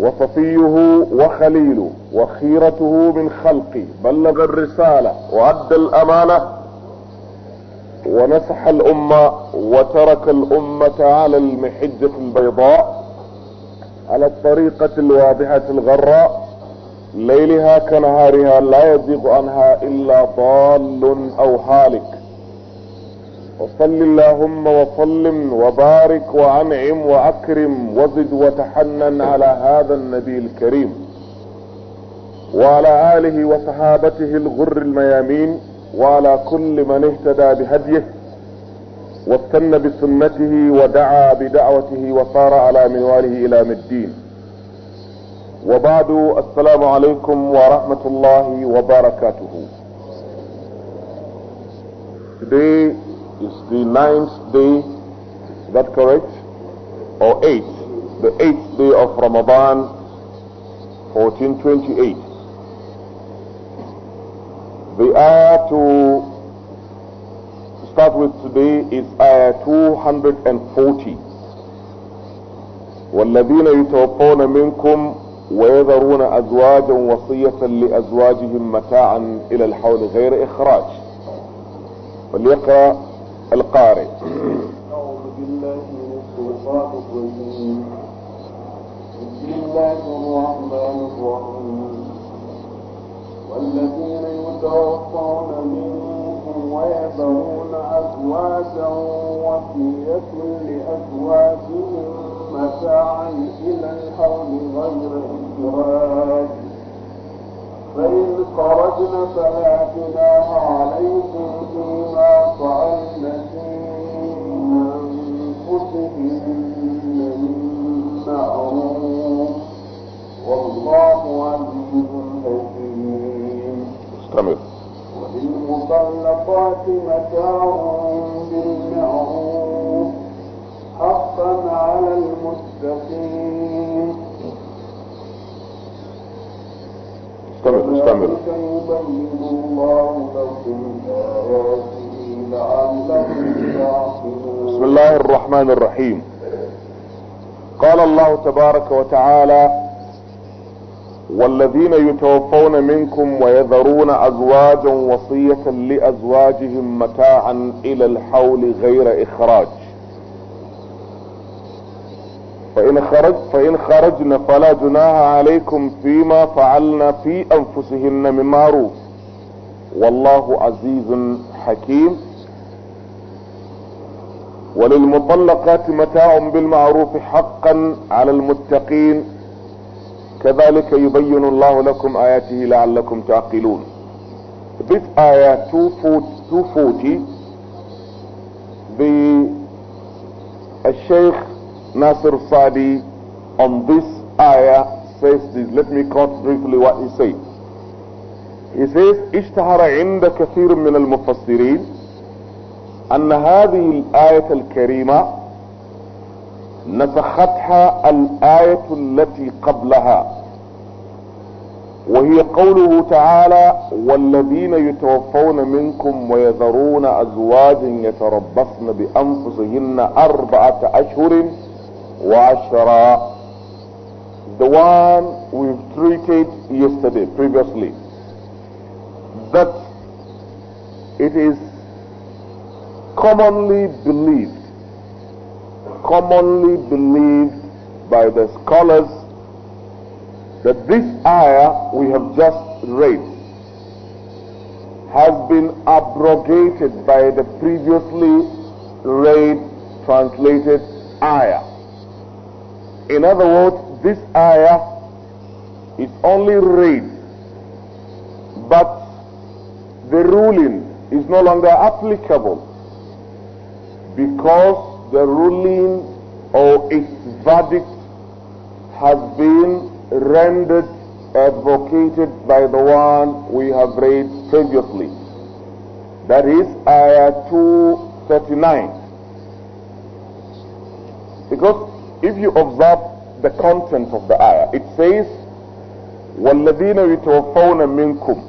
وصفيه وخليله وخيرته من خلقه بلغ الرسالة وأدى الأمانة ونسح الأمة وترك الأمة على المحجة البيضاء على الطريقة الواضحة الغراء ليلها كنهارها لا يزيغ عنها إلا ضال أو هالك وصل اللهم وسلم وبارك وانعم واكرم وزد وتحنن على هذا النبي الكريم وعلى اله وصحابته الغر الميامين وعلى كل من اهتدى بهديه واستنى بسنته ودعا بدعوته وصار على منواله الى مدين وبعد السلام عليكم ورحمة الله وبركاته Today is the ninth day, is that correct? Or eighth, the eighth day of Ramadan, 1428. The ayah to start with today is ayah 240. والذين يتوفون منكم ويذرون أزواجا وصية لأزواجهم متاعا إلى الحول غير إخراج فليقرأ القارئ بسم الله الرحمن الرحيم والذين يتوفون منكم ويذرون أزواجا وصية لأزواجهم متاعا إلى الحول غير إخراج فإن خرجنا فلا جناح عليكم فيما فعلنا في أنفسهم من معروف والله عزيز حكيم. استمر. وللمطلقات متاع بالمعروف مستمر بسم الله الرحمن الرحيم قال الله تبارك وتعالى والذين يتوفون منكم ويذرون أزواجا وصية لأزواجهم متاعا إلى الحول غير إخراج فإن خرج فإن خرجنا فلا جناح عليكم فيما فعلنا في أنفسهن من معروف والله عزيز حكيم وللمطلقات متاع بالمعروف حقا على المتقين كذلك يبين الله لكم آياته لعلكم تعقلون This ayah آية 240 the الشيخ Nasir Sadi on this ayah says this. Let me quote briefly what he says. He says, اشتهر عند كثير من المفسرين أن هذه الآية الكريمة نسختها الآية التي قبلها وهي قوله تعالى والذين يتوفون منكم ويذرون أزواج يتربصن بأنفسهن أربعة أشهر وعشرة the one we've treated yesterday previously that it is commonly believed commonly believed by the scholars that this ayah we have just read has been abrogated by the previously read translated ayah in other words, this ayah is only read, but the ruling is no longer applicable because the ruling or its verdict has been rendered advocated by the one we have read previously. That is Ayah 239. Because if you observe the content of the ayah, it says, وَالَّذِينَ يُتَوَفَّوْنَ minkum."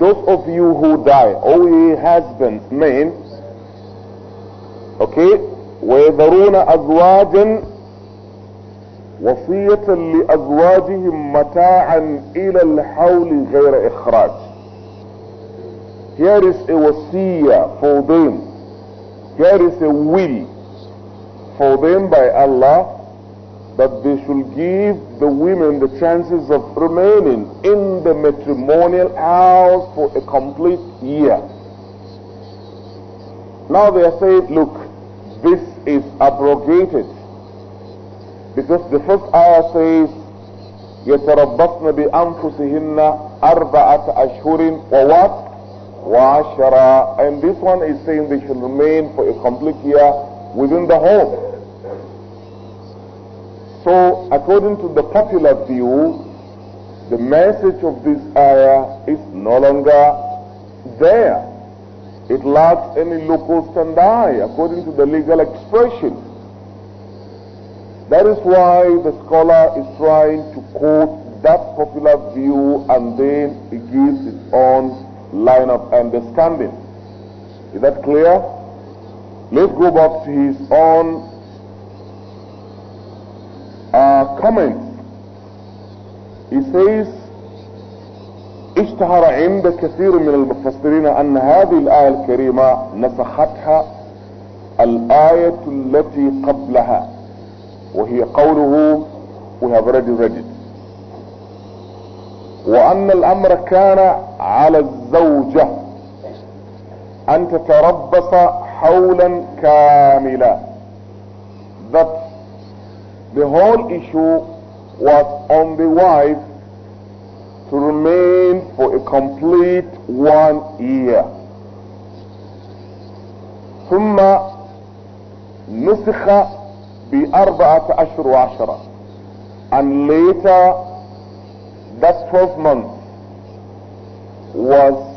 Those of you who die, O ye husbands, men, okay, وَيَذَرُونَ أَزْوَاجًا وصية لأزواجهم متاعا إلى الحول غير إخراج Here is a wasiya for them. Here is a will for them by Allah that they should give the women the chances of remaining in the matrimonial house for a complete year. Now they are saying, look, this is abrogated because the first ayah says, يتربصن بأنفسهن أربعة أشهر ووات وعشرة and this one is saying they should remain for a complete year within the home. So, according to the popular view, the message of this ayah is no longer there. It lacks any local standi, according to the legal expression. That is why the scholar is trying to quote that popular view and then he gives his own line of understanding. Is that clear? Let's go back to his own uh, comments. He says اشتهر عند كثير من المفسرين ان هذه الآية الكريمة نسختها الآية التي قبلها وهي قوله we have already read it وان الامر كان على الزوجة ان تتربص حولا كاملا that The whole issue was on the wife to remain for a complete one year. ثم نسخ بأربعة أشهر وعشرة and later that 12 months was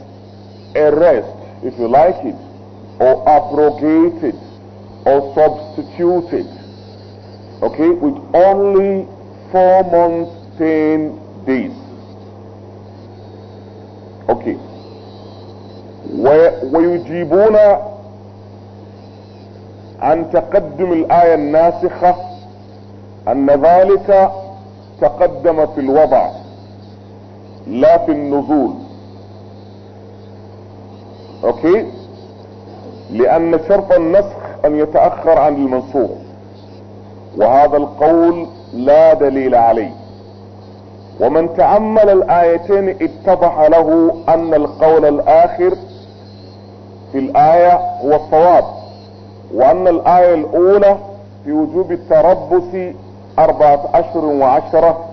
erased if you like it or abrogated or substituted okay, with only four months, ten days. Okay. ويجيبون عن تقدم الآية الناسخة أن ذلك تقدم في الوضع لا في النزول أوكي لأن شرط النسخ أن يتأخر عن المنسوخ وهذا القول لا دليل عليه ومن تأمل الآيتين اتضح له أن القول الآخر في الآية هو الصواب وأن الآية الأولى في وجوب التربص أربعة أشهر وعشرة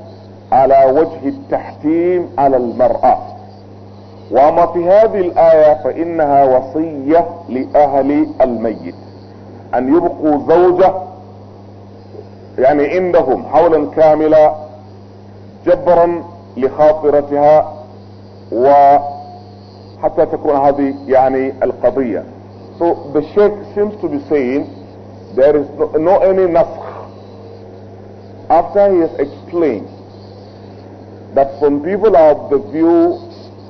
على وجه التحتيم على المرأة وما في هذه الآية فإنها وصية لأهل الميت أن يبقوا زوجة يعني عندهم حولا كاملا جبرا لخاطرتها وحتى تكون هذه يعني القضية So the Sheikh seems to be saying there is no, no any نسخ After he has explained that some people are of the view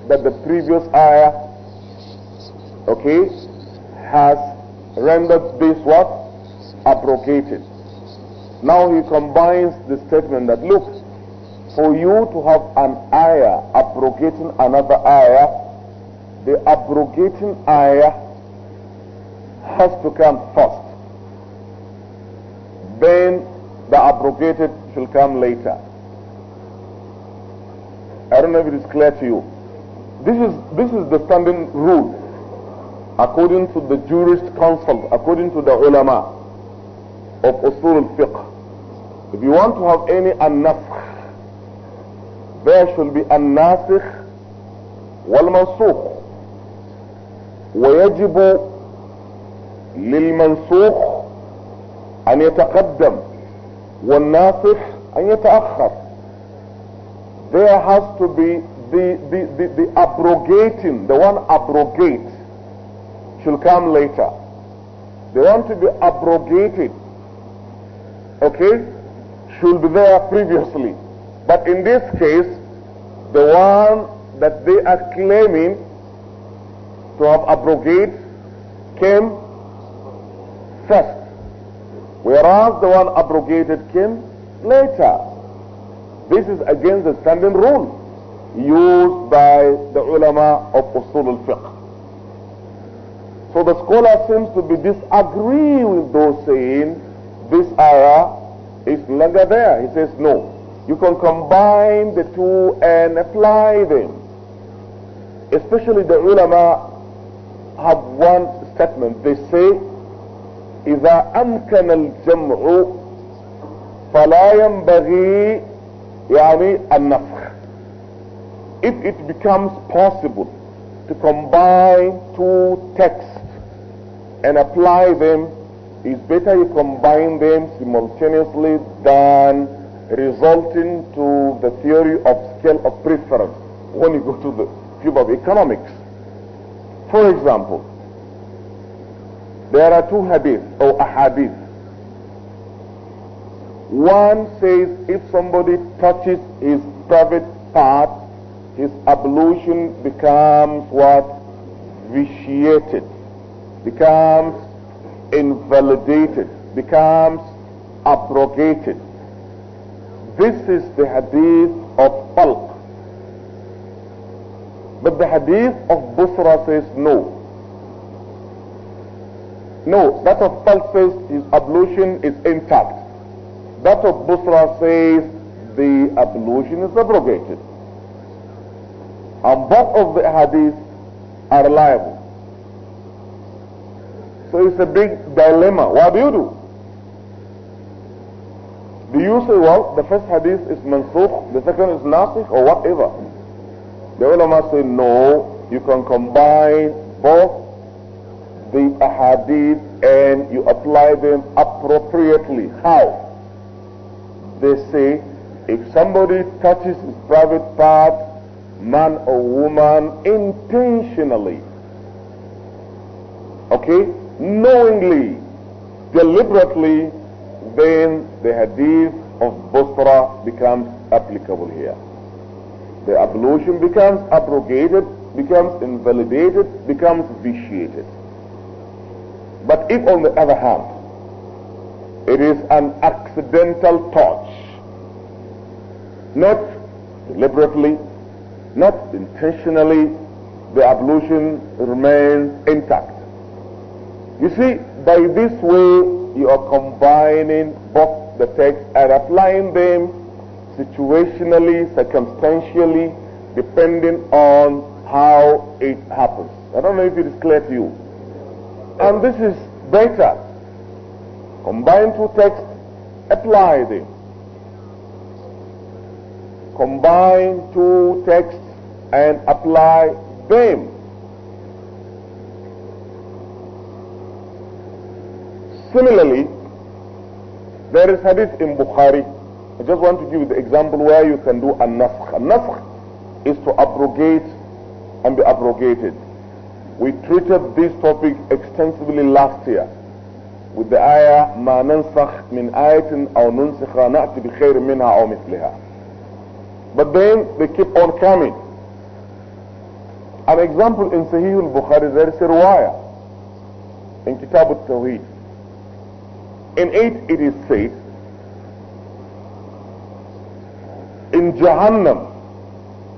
that the previous ayah, okay, has rendered this what? Abrogated. Now he combines the statement that, look, for you to have an ayah abrogating another ayah, the abrogating ayah has to come first. Then the abrogated shall come later. I don't know if it is clear to you. This is, this is the standing rule according to the jurist council, according to the ulama of usul al-fiqh. If you want to have any annafkh, there should be an-nasikh wal-mansukh. ويجب للمنسوخ أن يتقدم والناسخ أن يتأخر. There has to be the, the, the, the abrogating, the one abrogate should come later. They want to be abrogated. Okay? should be there previously. But in this case, the one that they are claiming to have abrogated came first, whereas the one abrogated came later. This is against the standing rule used by the ulama of usul al-fiqh. So the scholar seems to be disagreeing with those saying this ayah it's longer there. He says, no. You can combine the two and apply them. Especially the ulama have one statement. They say, إذا أمكن الجمع فلا ينبغي يعني النفخ. If it becomes possible to combine two texts and apply them it's better you combine them simultaneously than resulting to the theory of scale of preference when you go to the cube of economics. For example, there are two hadith or a hadith. One says if somebody touches his private part, his ablution becomes what? Vitiated. Becomes invalidated, becomes abrogated. This is the hadith of Talq. But the hadith of Busra says no. No, that of Talq says his ablution is intact. That of Busra says the ablution is abrogated. And both of the hadiths are reliable. So it's a big dilemma. What do you do? Do you say, well, the first hadith is mansukh, the second is nasikh, or whatever? The ulama say, no, you can combine both the ahadith and you apply them appropriately. How? They say, if somebody touches his private part, man or woman, intentionally, okay, knowingly, deliberately, then the hadith of Basra becomes applicable here. The ablution becomes abrogated, becomes invalidated, becomes vitiated. But if on the other hand, it is an accidental touch, not deliberately, not intentionally, the ablution remains intact. You see, by this way, you are combining both the texts and applying them situationally, circumstantially, depending on how it happens. I don't know if it is clear to you. And this is better. Combine two texts, apply them. Combine two texts and apply them. Similarly, there is hadith in Bukhari. I just want to give you the example where you can do a nafkh. A nafkh is to abrogate and be abrogated. We treated this topic extensively last year with the ayah ما min من آية أو ننسخها bi بخير منها أو مثلها. But then they keep on coming. An example in Sahih al-Bukhari, there is a riwayah in Kitab al-Tawheed in it, it is said, in Jahannam,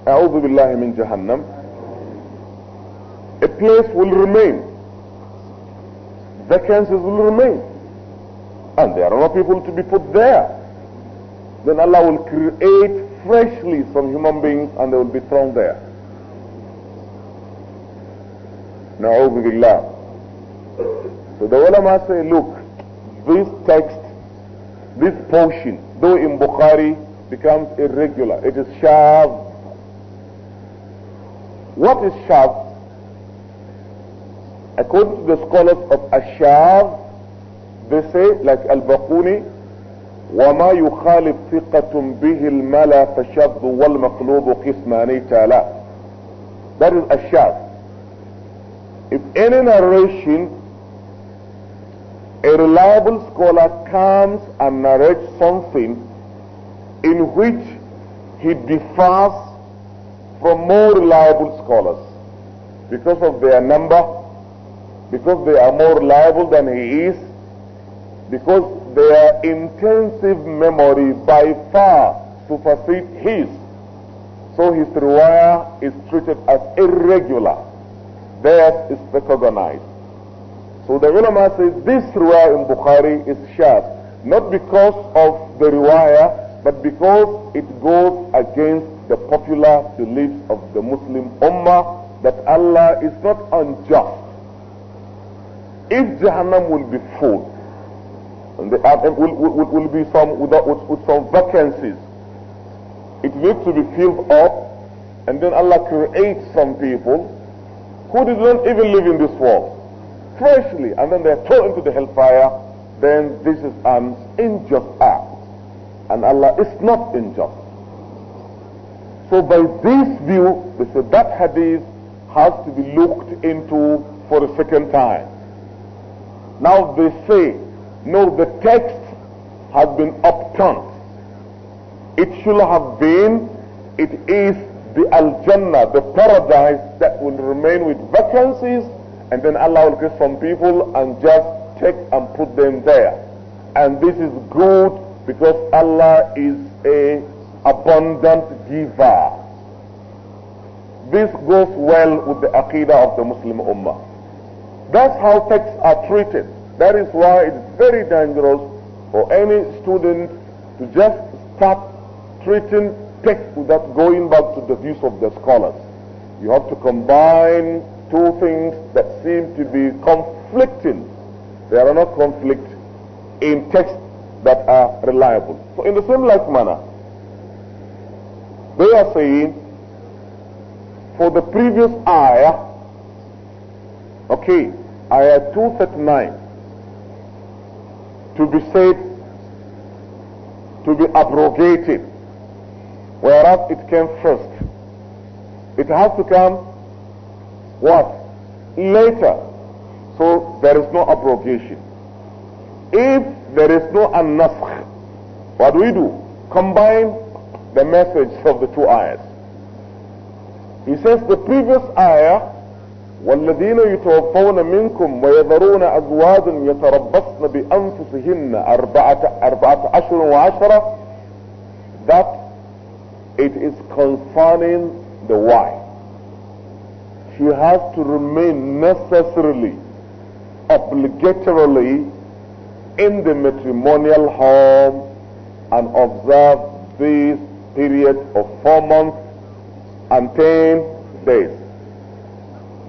أعوذ بالله in Jahannam, a place will remain. Vacancies will remain. And there are no people to be put there. Then Allah will create freshly some human beings and they will be thrown there. Na'udhu billah. So the ulama say, look, this text, this portion, though in Bukhari, becomes irregular. It is shab. What is shab? According to the scholars of Ashab, they say, like Al-Baquni, وما يخالف ثقة به الملا فشذ والمقلوب قسمان تالا That is Ashab. If any narration a reliable scholar comes and narrates something in which he differs from more reliable scholars because of their number, because they are more reliable than he is, because their intensive memory by far supersedes his. So his riwayah is treated as irregular. Theirs is recognized. So the ulama says this riwayah in Bukhari is shaz, not because of the riwayah, but because it goes against the popular beliefs of the Muslim ummah that Allah is not unjust. If Jahannam will be full, and the earth will, will, will be some without, with, with some vacancies, it needs to be filled up, and then Allah creates some people who did not even live in this world freshly, and then they're thrown into the hellfire, then this is an unjust act. And Allah is not unjust. So by this view, they say that hadith has to be looked into for a second time. Now they say, no, the text has been upturned. It should have been, it is the Al-Jannah, the paradise that will remain with vacancies and then Allah will get some people and just take and put them there. And this is good because Allah is a abundant giver. This goes well with the Aqidah of the Muslim Ummah. That's how texts are treated. That is why it's very dangerous for any student to just start treating texts without going back to the views of the scholars. You have to combine two things that seem to be conflicting. They are not conflict in texts that are reliable. So in the same like manner, they are saying for the previous ayah, okay, ayah 239, to be said, to be abrogated, whereas it came first. It has to come what? Later. So there is no abrogation. If there is no an what do we do? Combine the message of the two ayahs. He says the previous ayah, والذين يتوفون منكم ويذرون أزواجا يتربصن بأنفسهن أربعة أربعة أشهر وعشرة that it is concerning the wife she has to remain necessarily, obligatorily in the matrimonial home and observe this period of four months and ten days.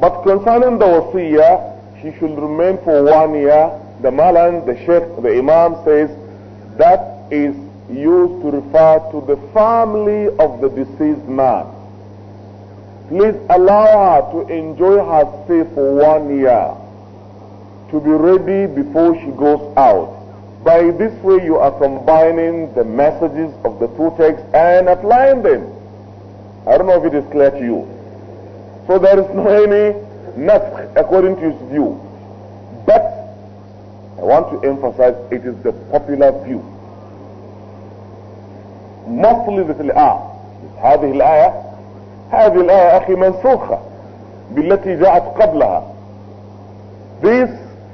But concerning the wasiya, she should remain for one year. The malan, the sheikh, the imam says that is used to refer to the family of the deceased man. Please allow her to enjoy her stay for one year to be ready before she goes out. By this way, you are combining the messages of the two texts and applying them. I don't know if it is clear to you. So there is no any nafq according to his view. But I want to emphasize it is the popular view. Mostly the ah, هذه الآية هذه الآية أخي منسوخة بالتي جاءت قبلها This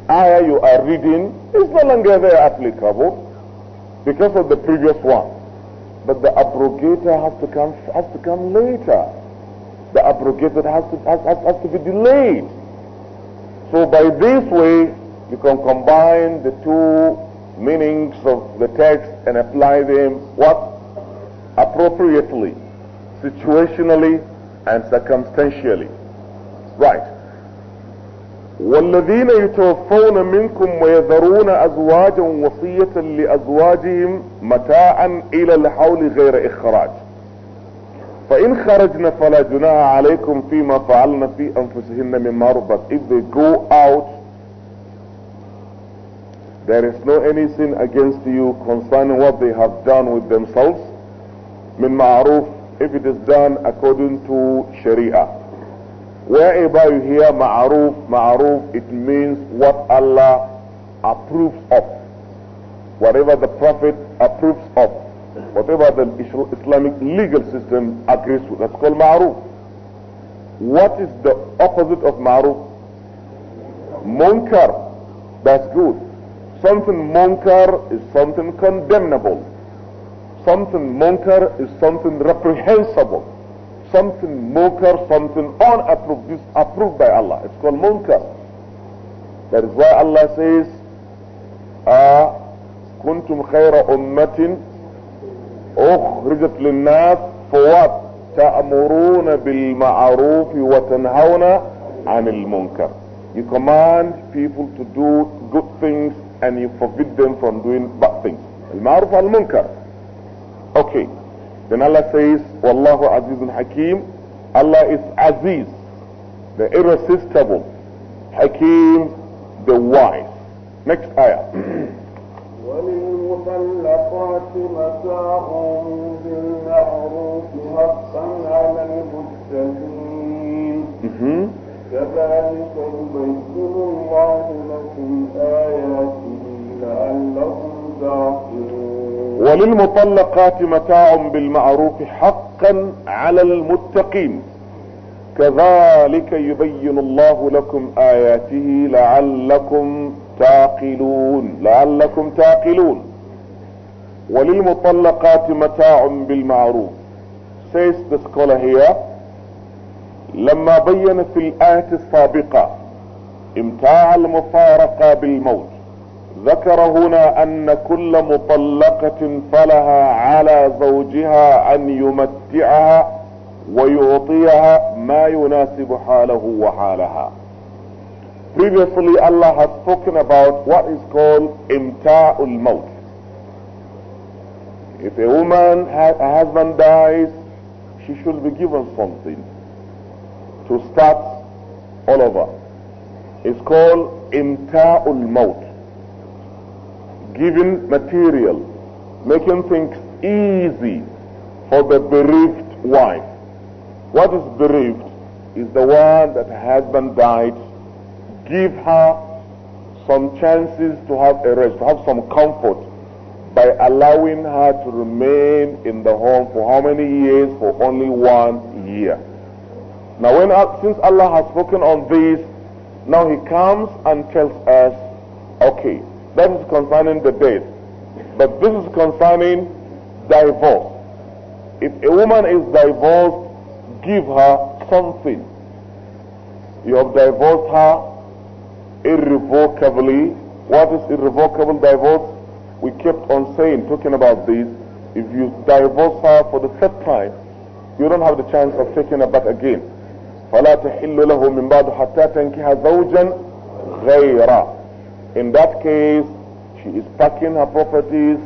ayah you are reading is no longer there applicable because of the previous one. But the abrogator has to come has to come later. The abrogator has to has, has, has to be delayed. So by this way you can combine the two meanings of the text and apply them what appropriately situationally and circumstantially. Right. والذين يتوفون منكم ويذرون أزواجا وصية لأزواجهم متاعا إلى الحول غير إخراج فإن خرجنا فلا جناح عليكم فيما فعلنا في أنفسهن if they go out there is no anything against you concerning what they have done with themselves من معروف if it is done according to Sharia. Wherever you hear ma'aruf, ma'aruf, it means what Allah approves of. Whatever the Prophet approves of. Whatever the Islamic legal system agrees with. That's called ma'aruf. What is the opposite of ma'aruf? Munkar. That's good. Something munkar is something condemnable something munkar is something reprehensible, something munkar, something unapproved, approved by Allah. It's called munkar. That is why Allah says, "Ah, كنتم خير أمة أخرجت للناس فوات تأمرون بالمعروف وتنهون عن المنكر. You command people to do good things and you forbid them from doing bad things. المعروف والمنكر. Okay. Then Allah says, Wallahu Azizun Hakim. Allah is Aziz, the irresistible. Hakim, the wise. Next ayah. وللمطلقات متاع بالمعروف حقا على المتقين mm-hmm. كذلك يبين الله لكم آياته لعلكم تعقلون وللمطلقات متاع بالمعروف حقا على المتقين كذلك يبين الله لكم آياته لعلكم تعقلون لعلكم تعقلون وللمطلقات متاع بالمعروف says the scholar here لما بين في الآية السابقة امتاع المفارقة بالموت ذكر هنا ان كل مطلقة فلها على زوجها ان يمتعها ويعطيها ما يناسب حاله وحالها previously Allah has spoken about what is called imta'ul الموت if a woman a husband dies she should be given something to start all over it's called imta'ul الموت giving material, making things easy for the bereaved wife. What is bereaved is the one that husband died. Give her some chances to have a rest, to have some comfort by allowing her to remain in the home for how many years? For only one year. Now, when since Allah has spoken on this, now He comes and tells us, okay, that is concerning the date. But this is concerning divorce. If a woman is divorced, give her something. You have divorced her irrevocably. What is irrevocable divorce? We kept on saying, talking about this. If you divorce her for the third time, you don't have the chance of taking her back again. فلا تحل له من بعد حتى زوجا in that case, she is packing her properties.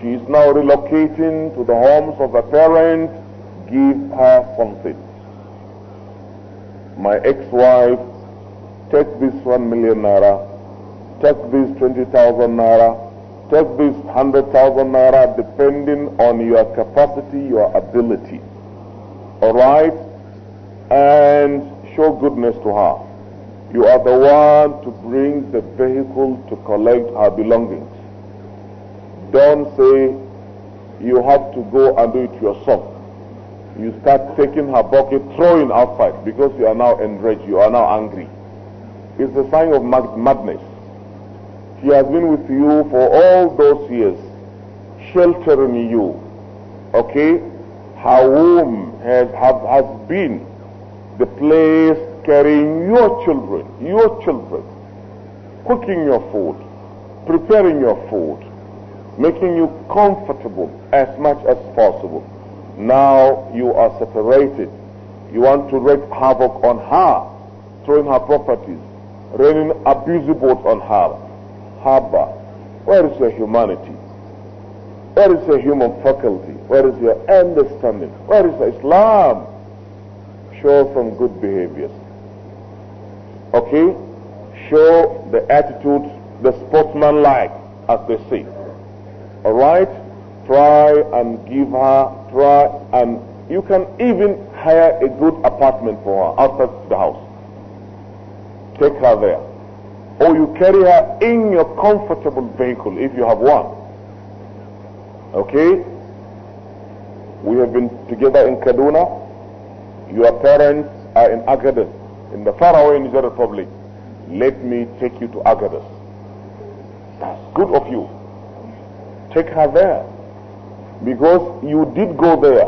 She is now relocating to the homes of her parents. Give her something. My ex-wife, take this one million naira, take this 20,000 naira, take this 100,000 naira, depending on your capacity, your ability. Alright? And show goodness to her. You are the one to bring the vehicle to collect our belongings. Don't say you have to go and do it yourself. You start taking her bucket, throwing outside because you are now enraged, you are now angry. It's a sign of mad madness. She has been with you for all those years, sheltering you. Okay? Her womb has, have, has been the place carrying your children, your children, cooking your food, preparing your food, making you comfortable as much as possible. Now you are separated. You want to wreak havoc on her, throwing her properties, raining abusive words on her. Haba, where is your humanity? Where is your human faculty? Where is your understanding? Where is Islam? Show some good behaviors okay, show the attitude, the sportsmanlike, as they say. All right, try and give her, try and you can even hire a good apartment for her outside the house. Take her there. Or you carry her in your comfortable vehicle if you have one. Okay? We have been together in Kaduna. Your parents are in Agadez in the faraway Niger Republic, let me take you to Agadez. That's good of you. Take her there. Because you did go there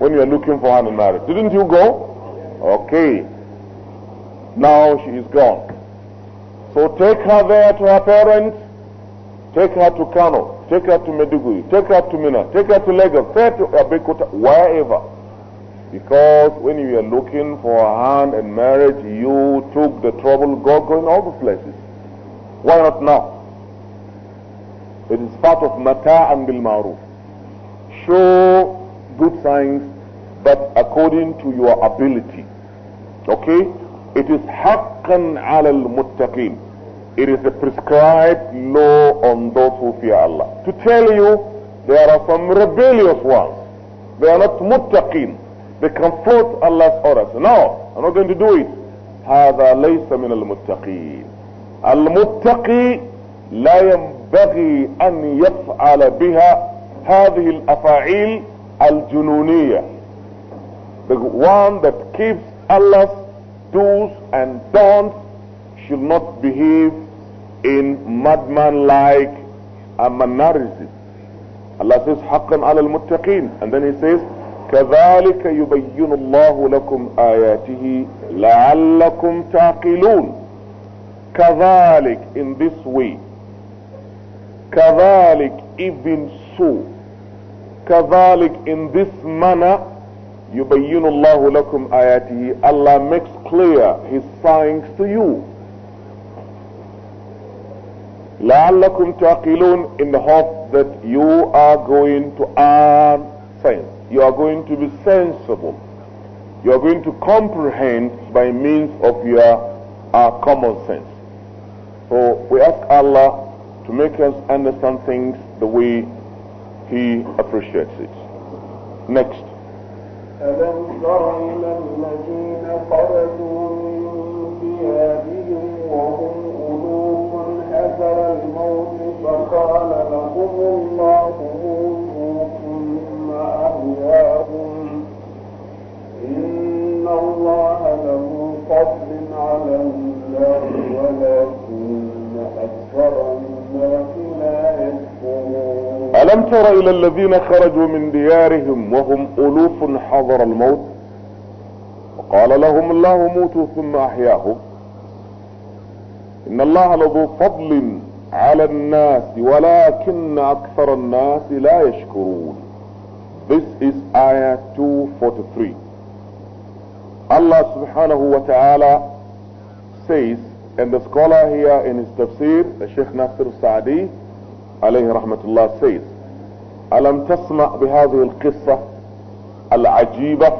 when you were looking for her in marriage. Didn't you go? Okay. Now she is gone. So take her there to her parents. Take her to Kano. Take her to Medugui. Take her to Mina. Take her to Lagos. Take her to Abeokuta. Wherever because when you were looking for a hand in marriage, you took the trouble, God going all the places. Why not now? It is part of mata bil ma'ruf. Show good signs, but according to your ability. Okay? It is haqqan al-muttaqin. It is a prescribed law on those who fear Allah. To tell you, there are some rebellious ones. They are not muttaqin. They confront Allah's orders. No, I'm not going to do it. هذا ليس من المتقين. المتقي لا ينبغي أن يفعل بها هذه الأفاعيل الجنونية. The one that keeps Allah's do's and don'ts should not behave in madman-like mannerism. Allah says, حقا على المتقين. And then he says, كذلك يبين الله لكم آياته لعلكم تعقلون كذلك in this way كذلك even so كذلك in this manner يبين الله لكم آياته Allah makes clear his signs to you لعلكم تعقلون in the hope that you are going to earn science you are going to be sensible. You are going to comprehend by means of your uh, common sense. So we ask Allah to make us understand things the way He appreciates it. Next. وهم ألوف حذر الموت فقال لهم الله دعواهم إن الله له فضل على الناس ولكن أكثر الناس لا يشكرون ألم تر إلى الذين خرجوا من ديارهم وهم ألوف حضر الموت وقال لهم الله موتوا ثم أحياهم إن الله لذو فضل على الناس ولكن أكثر الناس لا يشكرون This is ayah 243. Allah subhanahu wa ta'ala says, and the scholar here in his tafsir, Sheikh Nasir Sa'di, عليه رحمة الله says, ألم تسمع بهذه القصة العجيبة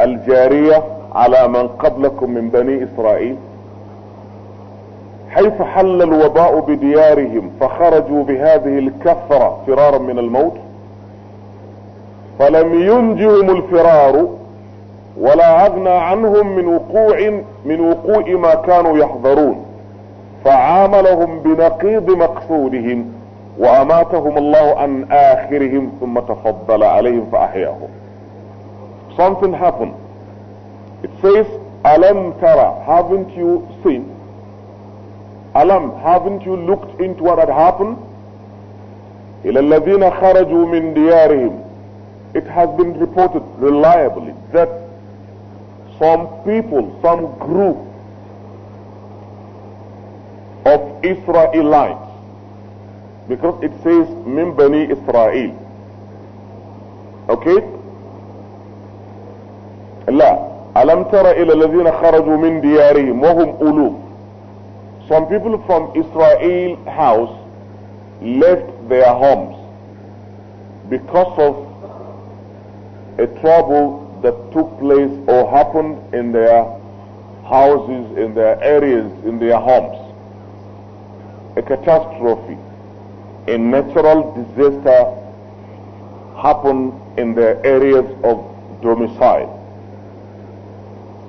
الجارية على من قبلكم من بني إسرائيل حيث حل الوباء بديارهم فخرجوا بهذه الكفرة فرارا من الموت فلم ينجهم الفرار ولا أغنى عنهم من وقوع من وقوع ما كانوا يحذرون فعاملهم بنقيض مقصودهم وأماتهم الله عن آخرهم ثم تفضل عليهم فأحياهم something happened it says alam tara haven't you seen alam haven't you looked into what had happened إلى الذين خرجوا من ديارهم it has been reported reliably that some people, some group of Israelites, because it says Min Israel. Okay? لا ألم تر إلى الذين خرجوا من ديارهم وهم ألوف Some people from Israel house left their homes because of a trouble that took place or happened in their houses, in their areas, in their homes. A catastrophe, a natural disaster happened in their areas of domicile.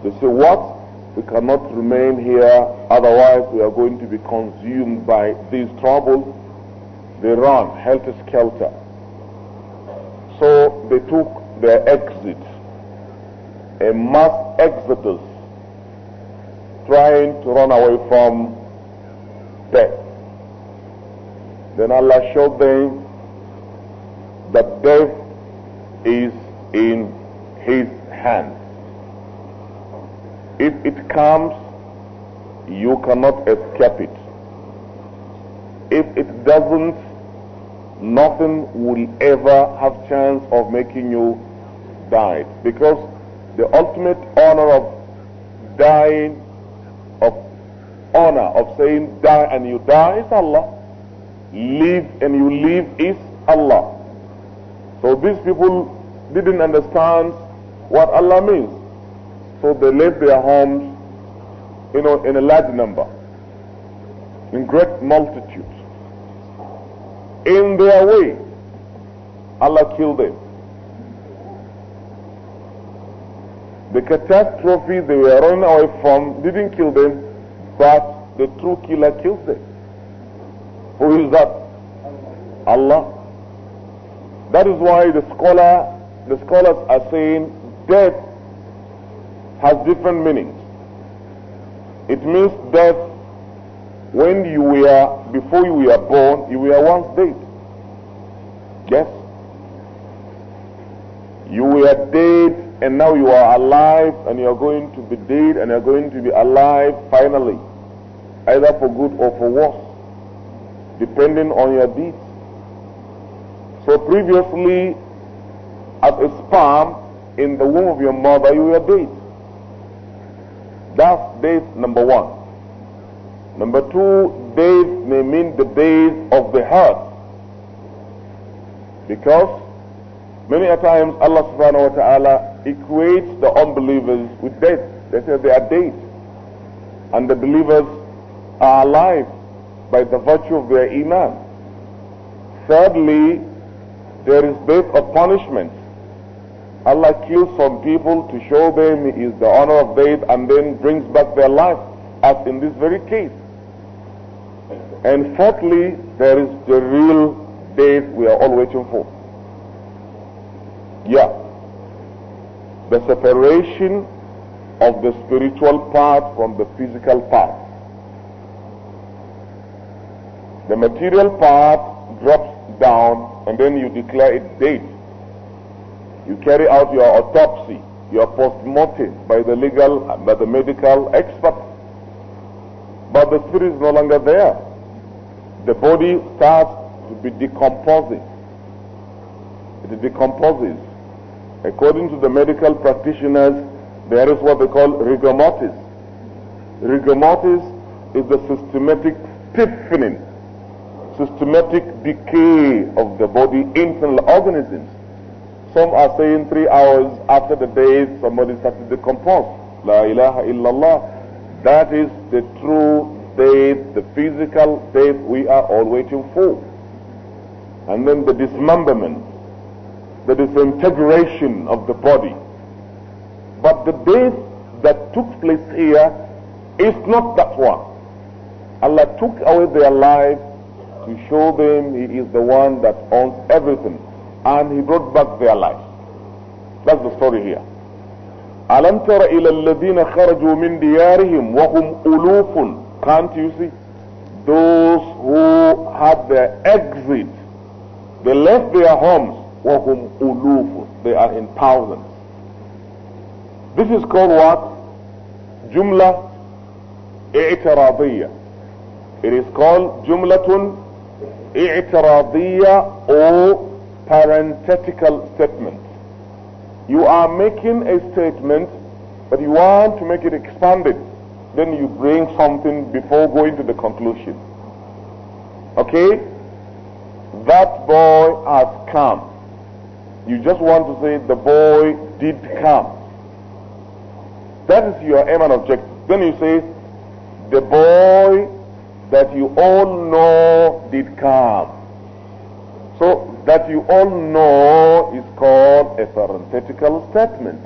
They say, what? We cannot remain here, otherwise we are going to be consumed by these troubles. They run helter-skelter. So they took their exit, a mass exodus trying to run away from death. Then Allah showed them that death is in His hand. If it comes, you cannot escape it. If it doesn't, nothing will ever have chance of making you died. Because the ultimate honor of dying, of honor, of saying die and you die is Allah. Live and you live is Allah. So these people didn't understand what Allah means. So they left their homes, you know, in a large number, in great multitudes. In their way, Allah killed them. The catastrophe they were running away from didn't kill them, but the true killer kills them. Who is that? Allah. That is why the scholar, the scholars are saying death has different meanings. It means death when you were, before you were born, you were once dead. Yes. You were dead and now you are alive and you are going to be dead and you are going to be alive finally, either for good or for worse, depending on your deeds. So previously, as a sperm in the womb of your mother, you were dead. That's death number one. Number two, death may mean the days of the heart. Because many a times Allah subhanahu wa ta'ala equates the unbelievers with death. They say they are dead. And the believers are alive by the virtue of their iman. Thirdly, there is death of punishment. Allah kills some people to show them He is the honor of death and then brings back their life, as in this very case. And fourthly, there is the real death we are all waiting for. Yeah the separation of the spiritual part from the physical part. The material part drops down and then you declare it dead. You carry out your autopsy, your postmortem by the legal, by the medical expert. But the spirit is no longer there. The body starts to be decomposing. It decomposes According to the medical practitioners, there is what they call rigor mortis. Rigor mortis is the systematic stiffening, systematic decay of the body, internal organisms. Some are saying three hours after the day somebody starts to decompose. La ilaha illallah. That is the true death, the physical death we are all waiting for. And then the dismemberment, the disintegration of the body. But the death that took place here is not that one. Allah took away their life to show them He is the one that owns everything. And He brought back their life. That's the story here. ألم تر إلى الذين خرجوا من ديارهم وهم ألوف Can't you see? Those who had their exit, they left their homes وهم ألوف they are in thousands this is called what Jumla, اعتراضية it is called جملة اعتراضية or parenthetical statement you are making a statement but you want to make it expanded then you bring something before going to the conclusion okay that boy has come you just want to say the boy did come. That is your aim and objective. Then you say the boy that you all know did come. So that you all know is called a parenthetical statement.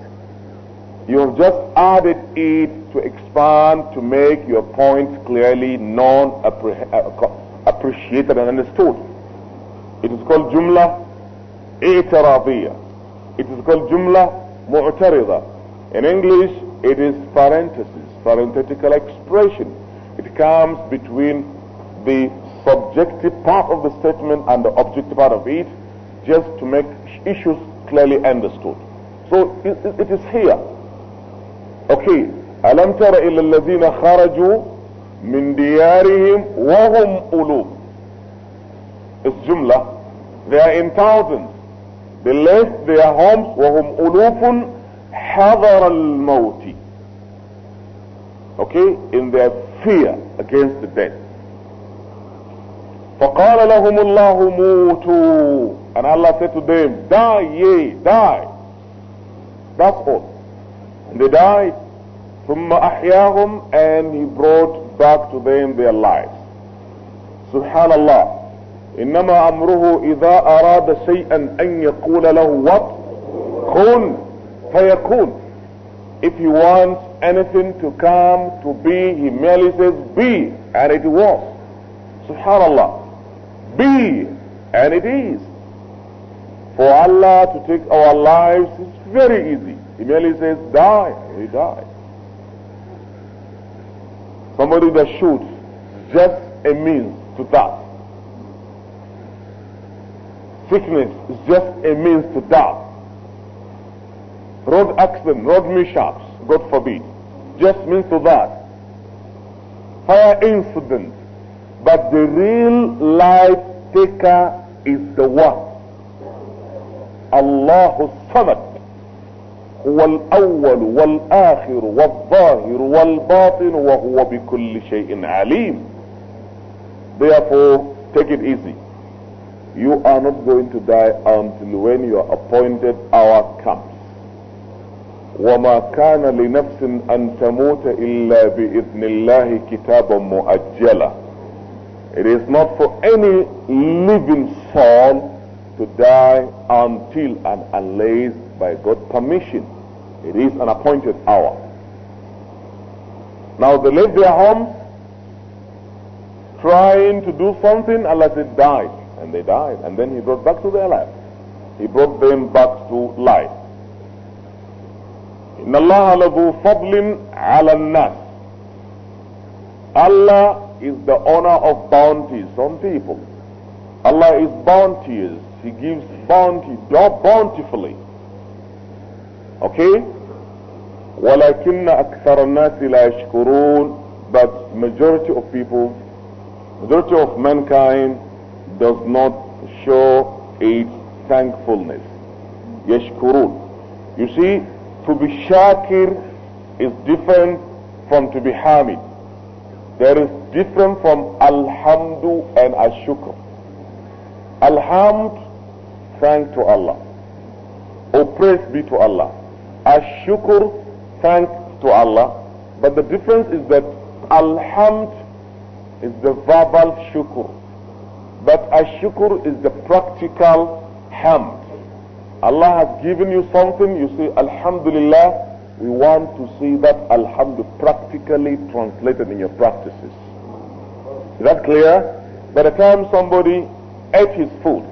You have just added it to expand to make your point clearly known, uh, appreciated and understood. It is called jumla it is called jumla mu'tarida. In English, it is parenthesis, parenthetical expression. It comes between the subjective part of the statement and the objective part of it, just to make issues clearly understood. So it, it is here. Okay. ألم تر إلى الذين خرجوا من ديارهم وهم ألوب. It's jumla. They are in thousands. They left their homes, وهم ألوف حذر الموت. Okay, in their fear against the death. فقال لهم الله موتوا and Allah said to them die ye die that's all and they died ثم أحياهم and he brought back to them their lives سبحان الله انما امره اذا اراد شيئا ان يقول له what كن فيكون if he wants anything to come to be he merely says be and it was subhanallah be and it is for Allah to take our lives is very easy he merely says die and he dies somebody that shoots just a means to that sickness is just a means to that. Road accident, road mishaps, God forbid, just means to that. Fire incident. But the real life taker is the one. الله الصمد هو الأول والآخر والظاهر والباطن وهو بكل شيء عليم Therefore, take it easy you are not going to die until when your appointed hour comes. وما كان لنفس أن تموت إلا بإذن الله كتابا مؤجلا It is not for any living soul to die until and unless by God's permission. It is an appointed hour. Now they left their homes trying to do something, unless it dies and they died. And then he brought back to their life. He brought them back to life. In الله لذو فضل على Allah is the owner of bounties on people. Allah is bounteous. He gives bounty bountifully. Okay? ولكن أكثر الناس لا يشكرون but majority of people majority of mankind does not show its thankfulness. Yashkurun. You see, to be shakir is different from to be hamid. There is different from alhamdu and ashukr. Alhamd, thank to Allah. O praise be to Allah. Ashukr, thank to Allah. But the difference is that alhamd is the verbal shukr but ashkur is the practical hamd. Allah has given you something, you say Alhamdulillah. We want to see that Alhamdulillah practically translated in your practices. Is that clear? By the time somebody ate his food,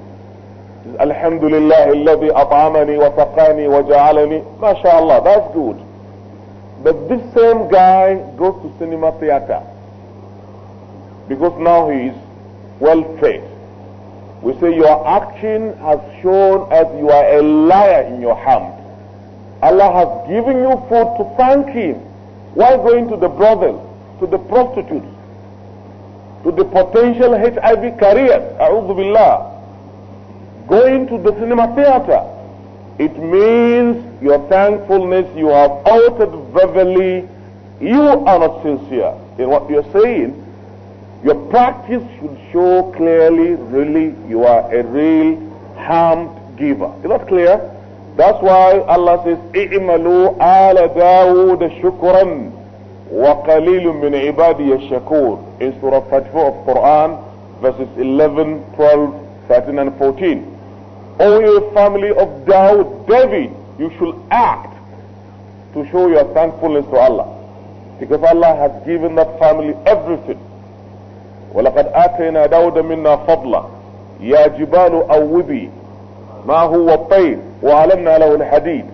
Alhamdulillah, الذي أطعمني وسقاني وجعلني ما شاء Allah, that's good. But this same guy goes to cinema theater because now he is well traced. We say your action has shown as you are a liar in your hand. Allah has given you food to thank Him. Why going to the brothel, to the prostitutes, to the potential HIV carriers? billah. Going to the cinema theater. It means your thankfulness you have uttered verbally. You are not sincere in what you're saying your practice should show clearly, really, you are a real harmed giver. Is that clear? That's why Allah says, "I'malu ala Dawood shukran wa qalilun min ibadiy shakur." In Surah 44 of Quran, verses 11, 12, 13, and 14. O you family of Dawood, David, you should act to show your thankfulness to Allah, because Allah has given that family everything. ولقد آتينا داود منا فضلا يا جبال أوبي ما هو الطير وعلمنا له الحديد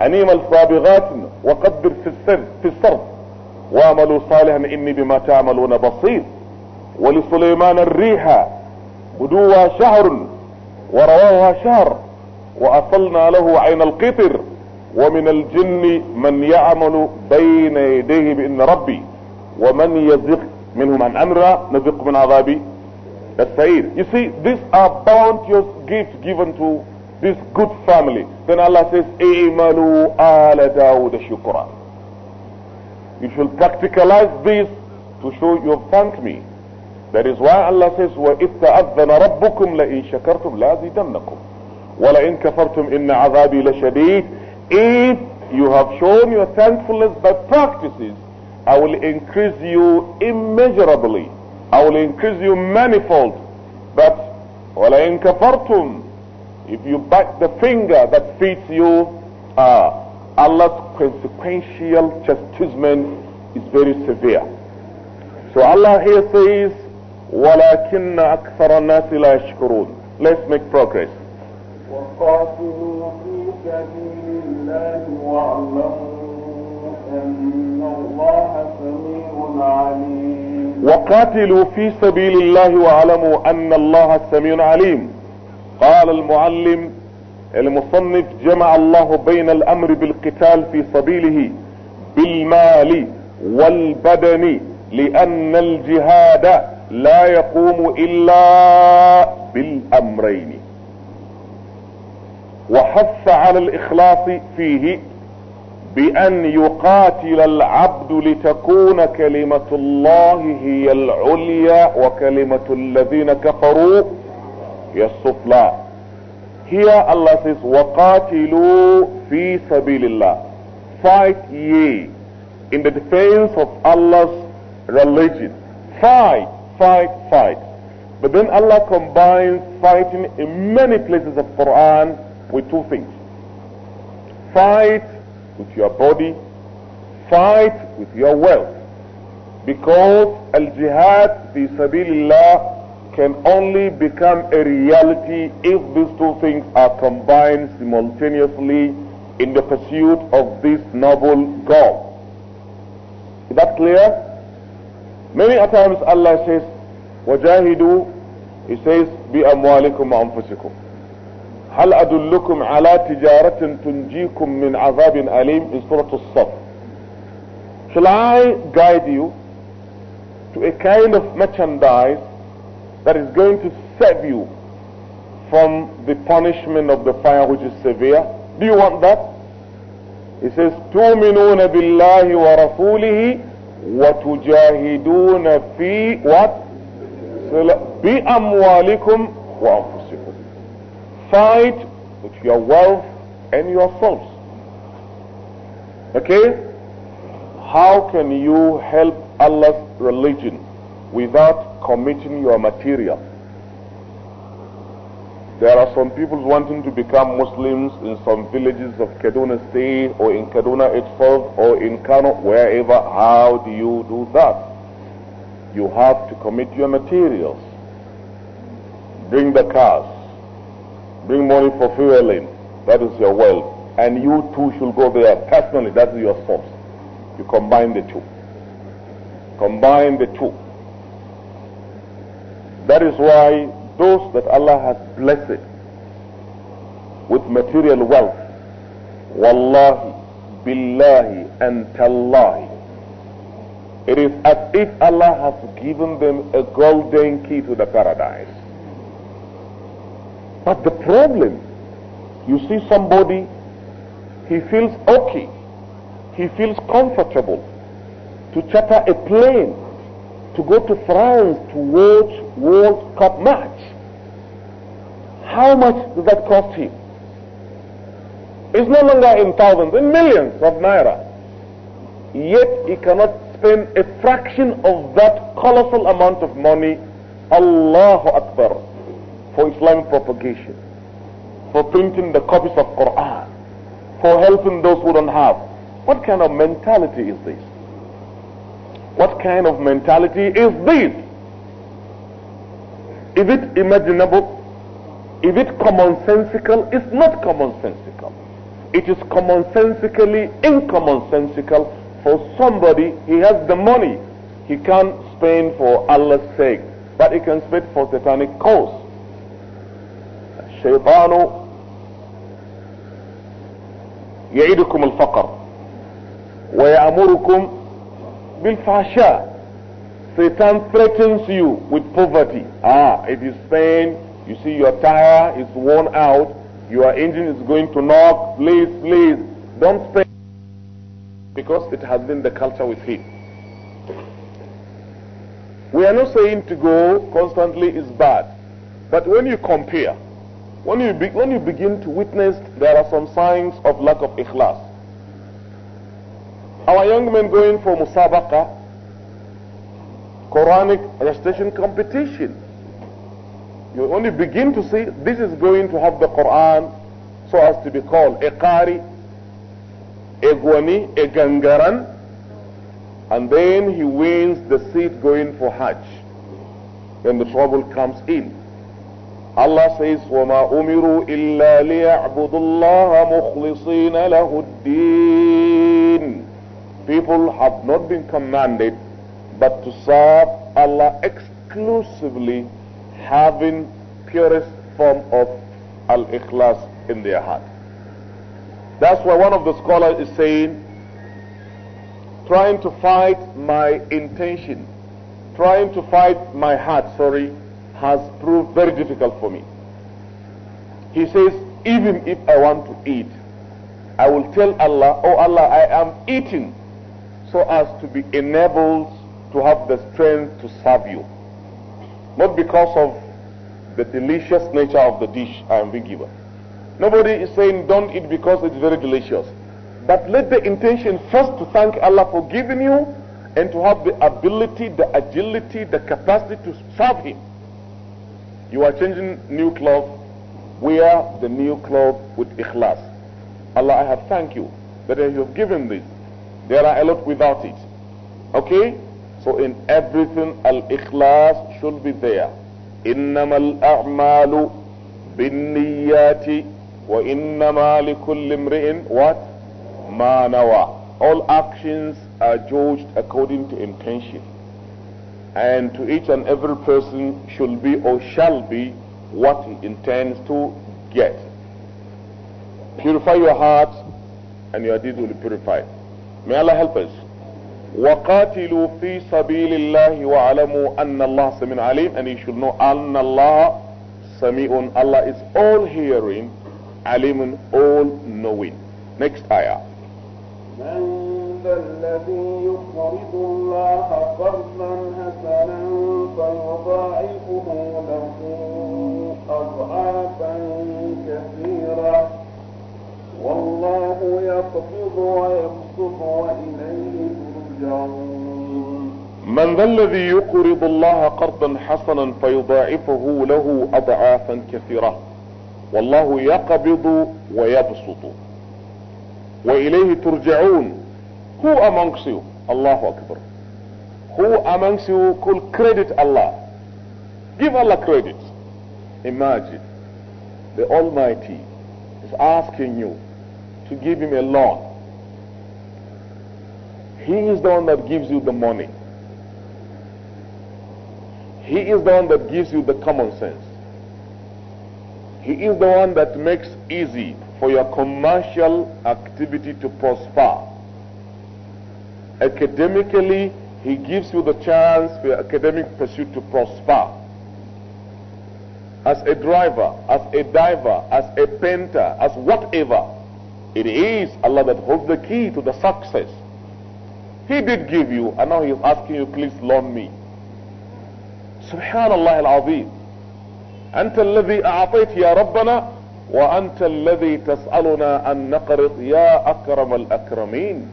أنيم الصابغات وقدر في السر في الصرف واملوا صالحا إني بما تعملون بصير ولسليمان الريح غدوها شهر ورواها شهر وأصلنا له عين القطر ومن الجن من يعمل بين يديه بإن ربي ومن يزغ منهم أمر نذق من عذاب السعير you see these are bounteous gifts given to this good family then Allah says اعملوا آل داود شكرا you should practicalize this to show you thank me that is why Allah says وَإِذْ تَأَذَّنَ رَبُّكُمْ لَإِن شَكَرْتُمْ لَأَزِيدَنَّكُمْ وَلَإِن كَفَرْتُمْ إِنَّ عَذَابِي لَشَدِيدٌ if you have shown your thankfulness by practices I will increase you immeasurably. I will increase you manifold. But وَلَئِن كَفَرْتُمْ If you bite the finger that feeds you, uh, Allah's consequential chastisement is very severe. So Allah here says, وَلَكِنَّ أَكْثَرَ النَّاسِ لَا يَشْكُرُونَ Let's make progress. وَقَاتِلُوا فِي سَبِيلِ اللَّهِ وَاعْلَمُوا إن الله سميع عليم وقاتلوا في سبيل الله واعلموا أن الله سميع عليم قال المعلم المصنف جمع الله بين الأمر بالقتال في سبيله بالمال والبدن لأن الجهاد لا يقوم إلا بالأمرين وحث على الإخلاص فيه بأن يقاتل العبد لتكون كلمة الله هي العليا وكلمة الذين كفروا هي السفلى هي الله says, وَقَاتِلُوا فِي سَبِيلِ اللَّهِ Fight ye in the defense of Allah's religion. Fight, fight, fight. But then Allah combines fighting in many places of Quran with two things. Fight with your body, fight with your wealth. Because al-jihad fi sabilillah can only become a reality if these two things are combined simultaneously in the pursuit of this noble goal. Is that clear? Many a times Allah says, "Wajahidu," He says, amwalikum وَأَنفُسِكُمْ هل أدلكم على تجارة تنجيكم من عذاب أليم in سورة الصف Shall I guide you to a kind of merchandise that is going to save you from the punishment of the fire which is severe? Do you want that? He says, تؤمنون بالله ورسوله وتجاهدون في what? بأموالكم وأنفسكم fight with your wealth and your souls. Okay? How can you help Allah's religion without committing your material? There are some people wanting to become Muslims in some villages of Kaduna State or in Kaduna itself or in Kano, wherever. How do you do that? You have to commit your materials. Bring the cars Bring money for fueling. That is your wealth. And you too should go there personally. That is your source. You combine the two. Combine the two. That is why those that Allah has blessed with material wealth, wallahi, billahi, and tallahi, it is as if Allah has given them a golden key to the paradise. But the problem, you see somebody, he feels okay, he feels comfortable to charter a plane to go to France to watch World Cup match. How much does that cost him? It's no longer in thousands, in millions of naira. Yet he cannot spend a fraction of that colossal amount of money. Allahu Akbar for Islamic propagation, for printing the copies of Quran, for helping those who don't have. What kind of mentality is this? What kind of mentality is this? Is it imaginable? Is it commonsensical? It's not commonsensical. It is commonsensically incommonsensical for somebody. He has the money. He can't spend for Allah's sake, but he can spend for satanic cause. الشيطان يعيدكم الفقر ويأمركم بالفحشاء Satan threatens you with poverty. Ah, it is pain. You see your tire is worn out. Your engine is going to knock. Please, please, don't spend. Because it has been the culture with him. We are not saying to go constantly is bad. But when you compare when you, be, when you begin to witness, there are some signs of lack of ikhlas. Our young men going for musabaqa, Quranic recitation competition. You only begin to see this is going to have the Quran so as to be called a qari, a guani, a gangaran, and then he wins the seat going for Hajj. Then the trouble comes in. Allah says, وَمَا أُمِرُوا إِلَّا لِيَعْبُدُوا اللَّهَ مُخْلِصِينَ لَهُ الدِّينَ People have not been commanded but to serve Allah exclusively having purest form of al-ikhlas in their heart. That's why one of the scholars is saying, trying to fight my intention, trying to fight my heart, sorry, has proved very difficult for me. He says, even if I want to eat, I will tell Allah, Oh Allah, I am eating so as to be enabled to have the strength to serve you. Not because of the delicious nature of the dish I am being given. Nobody is saying don't eat because it's very delicious. But let the intention first to thank Allah for giving you and to have the ability, the agility, the capacity to serve Him. You are changing new clothes. Wear the new clothes with ikhlas. Allah, I have thank you that you have given this. There are a lot without it. Okay? So in everything, al-ikhlas should be there. إنما الأعمال بالنيات وإنما لكل امرئ what ما نوى all actions are judged according to intention and to each and every person should be or shall be what he intends to get. Purify your heart and your deeds will be purified. May Allah help us. وقاتلوا في سبيل الله وعلموا أن الله سميع عليم and you should know أن الله سميع Allah is all hearing عليم all knowing next ayah الذي يقرض الله قرضا حسنا فيضاعفه له أضعافا كثيرة والله يقبض ويبسط وإليه ترجعون من ذا الذي يقرض الله قرضا حسنا فيضاعفه له أضعافا كثيرة والله يقبض ويبسط وإليه ترجعون Who amongst you? Allahu Akbar. Who amongst you could credit Allah? Give Allah credit. Imagine the Almighty is asking you to give him a loan. He is the one that gives you the money. He is the one that gives you the common sense. He is the one that makes easy for your commercial activity to prosper academically, he gives you the chance for academic pursuit to prosper. As a driver, as a diver, as a painter, as whatever, it is Allah that holds the key to the success. He did give you, and now He's asking you, please loan me. Subhanallah al-Azim. أنت الذي أعطيت يا ربنا وأنت الذي تسألنا أن نقرض يا أكرم الأكرمين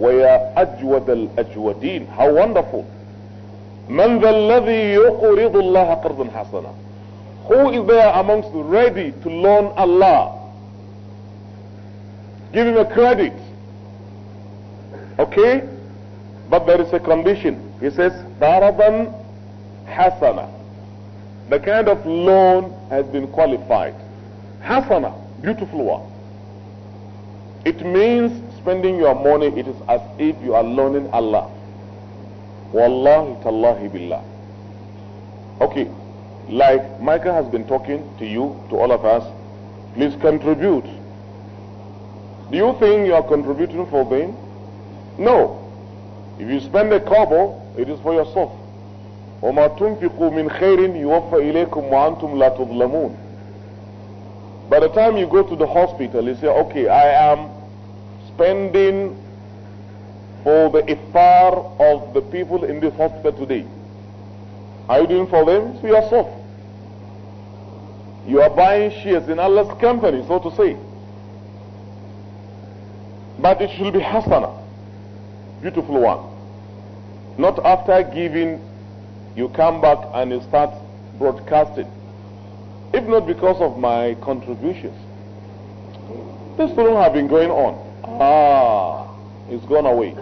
ويا اجود الاجودين how wonderful من ذا الذي يقرض الله قرضا حسنا who is there amongst ready to loan Allah give him a credit okay but there is a condition he says قرضا حسنا the kind of loan has been qualified hasana beautiful one it means spending your money, it is as if you are learning Allah. Wallahi tallahi billah. Okay, like Micah has been talking to you, to all of us, please contribute. Do you think you are contributing for them? No. If you spend a kobo, it is for yourself. وما تنفقوا من خير يوفى إليكم وأنتم لا تظلمون By the time you go to the hospital, you say, okay, I am spending for the iftar of the people in this hospital today. Are you doing for them? For yourself. You are buying shares in Allah's company, so to say. But it should be hasana, beautiful one. Not after giving, you come back and you start broadcasting. If not because of my contributions, this wouldn't have been going on. Ah, it's gone away.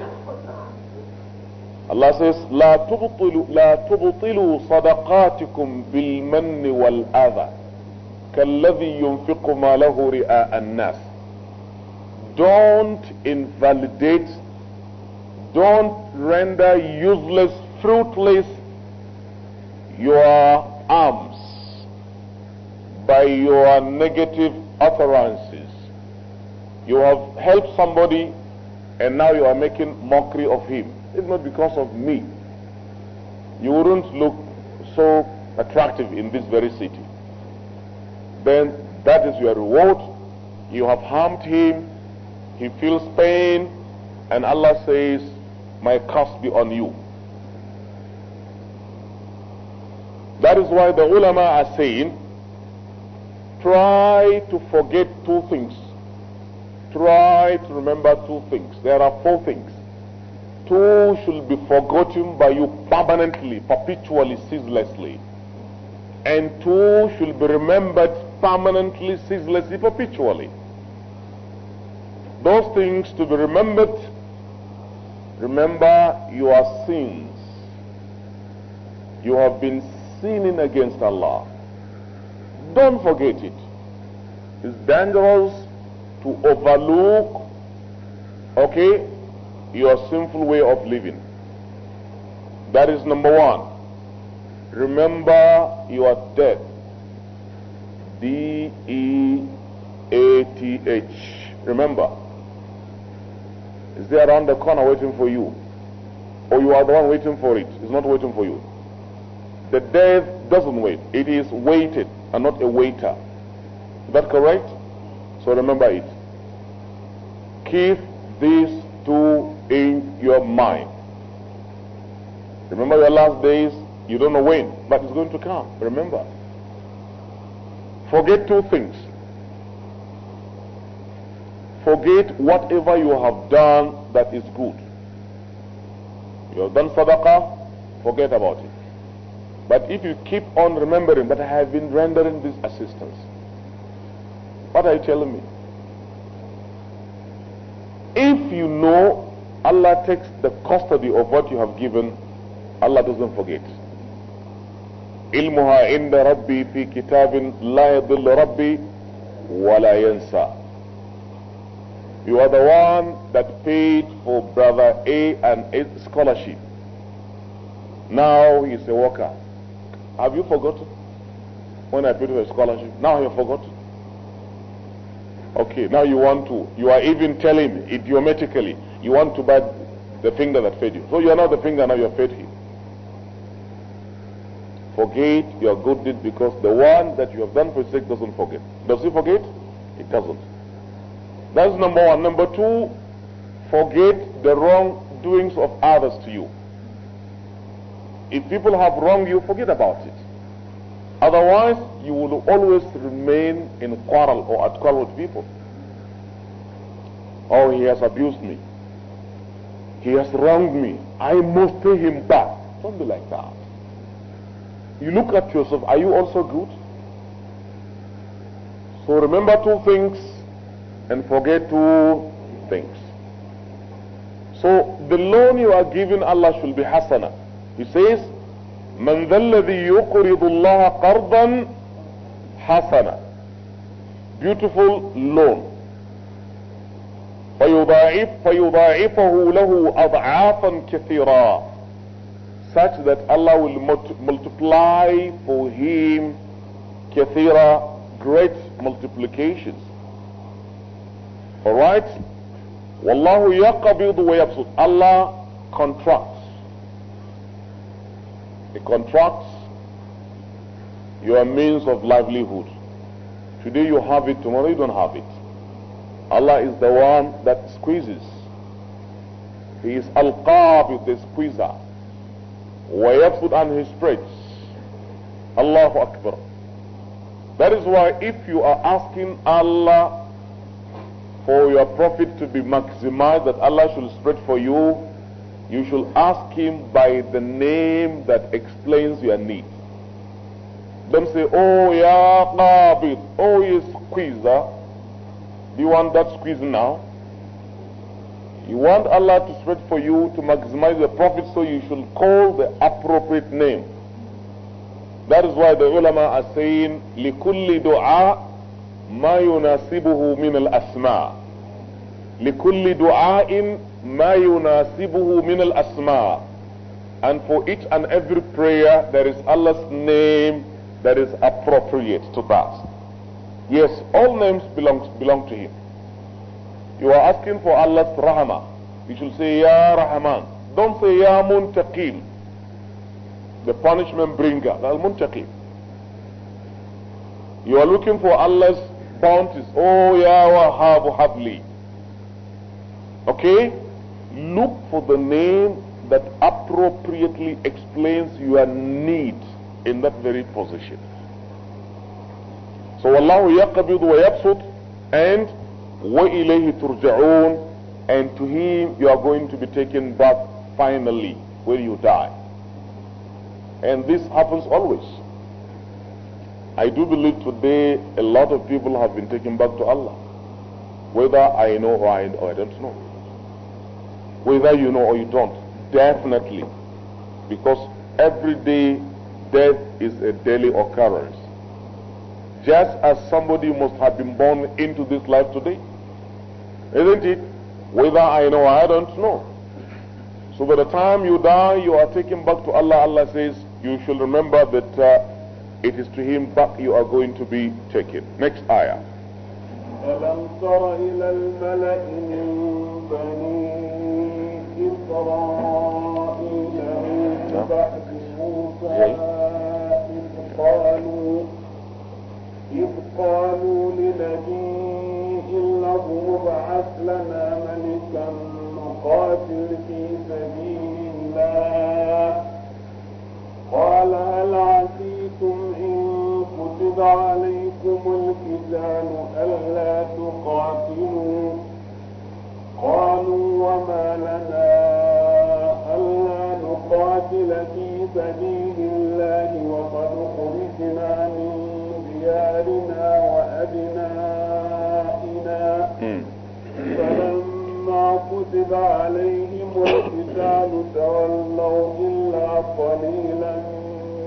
Allah says, لا تبطلوا, لا تبطلوا صدقاتكم بالمن والأذى كالذي ينفق ما له رئاء الناس. Don't invalidate, don't render useless, fruitless your alms by your negative utterances. You have helped somebody and now you are making mockery of him. It's not because of me. You wouldn't look so attractive in this very city. Then that is your reward. You have harmed him. He feels pain. And Allah says, My curse be on you. That is why the ulama are saying, try to forget two things try to remember two things. There are four things. Two should be forgotten by you permanently, perpetually, ceaselessly. And two should be remembered permanently, ceaselessly, perpetually. Those things to be remembered, remember your sins. You have been sinning against Allah. Don't forget it. It's dangerous to overlook, okay, your sinful way of living. That is number one. Remember your death. D E A T H. Remember. Is there around the corner waiting for you? Or you are the one waiting for it? It's not waiting for you. The death doesn't wait. It is waited and not a waiter. Is that correct? So remember it. Keep these two in your mind. Remember your last days, you don't know when, but it's going to come. Remember. Forget two things. Forget whatever you have done that is good. You have done sadaqah, forget about it. But if you keep on remembering that I have been rendering this assistance, what are you telling me? If you know Allah takes the custody of what you have given, Allah doesn't forget. علمها Rabbi fi kitabin la لا Rabbi wa la yansa. you are the one that paid for brother A and A scholarship. Now he's a worker. Have you forgotten? When I paid for a scholarship, now you forgot. Okay, now you want to, you are even telling idiomatically, you want to bite the finger that fed you. So you are not the finger, now you have fed him. Forget your good deed because the one that you have done for his sake doesn't forget. Does he forget? It doesn't. That's number one. Number two, forget the wrongdoings of others to you. If people have wronged you, forget about it. Otherwise, you will always remain in quarrel or at quarrel with people. Oh, he has abused me. He has wronged me. I must pay him back. Don't be like that. You look at yourself. Are you also good? So remember two things and forget two things. So the loan you are giving Allah should be hasana. He says, من ذا الذي يقرض الله قرضا حسنا beautiful loan فيضاعف فيضاعفه له أضعافا كثيرا such that Allah will multiply for him كثيرا great multiplications alright والله يقبض ويبسط Allah contract It contracts your means of livelihood. Today you have it, tomorrow you don't have it. Allah is the one that squeezes. He is al with the squeezer. Wayafud and he spreads. Allahu Akbar. That is why if you are asking Allah for your profit to be maximized, that Allah should spread for you, you should ask him by the name that explains your need. Don't say, Oh, ya Qabid, oh, ya squeezer. Do you want that squeeze now? You want Allah to spread for you to maximize your profit, so you should call the appropriate name. That is why the ulama are saying, لِكُلِّ دُعَاء مَا يُنَاسِبُهُ مِنَ الْأَسْمَاءِ لِكُلِّ دُعَاءٍ ما min al asma, and for each and every prayer there is Allah's name that is appropriate to that. Yes, all names belong, belong to Him. You are asking for Allah's rahma. You should say Ya Rahman. Don't say Ya Muntaqim. The punishment bringer, Al Muntaqim. You are looking for Allah's bounties. Oh Ya Wahhabu Habli. Okay? look for the name that appropriately explains your need in that very position. So Allah yaqbidu wa yabsut and wa ilayhi turja'un and to him you are going to be taken back finally when you die. And this happens always. I do believe today a lot of people have been taken back to Allah, whether I know or I, or I don't know whether you know or you don't. Definitely. Because every day, death is a daily occurrence. Just as somebody must have been born into this life today. Isn't it? Whether I know or I don't know. So by the time you die, you are taken back to Allah. Allah says, you shall remember that uh, it is to him back you are going to be taken. Next ayah. ألم تر إلى الملأ من بني إسرائيل من موسى إذ قالوا إذ قالوا لنبي له ابعث لنا ملكا نقاتل في سبيل الله قال هل عسيتم إن كتب عليكم القتال ألا تقاتلوا قالوا وما لنا ألا نقاتل في سبيل الله وقد خرجنا من ديارنا وأبنائنا فلما كتب عليهم القتال تولوا إلا قليلا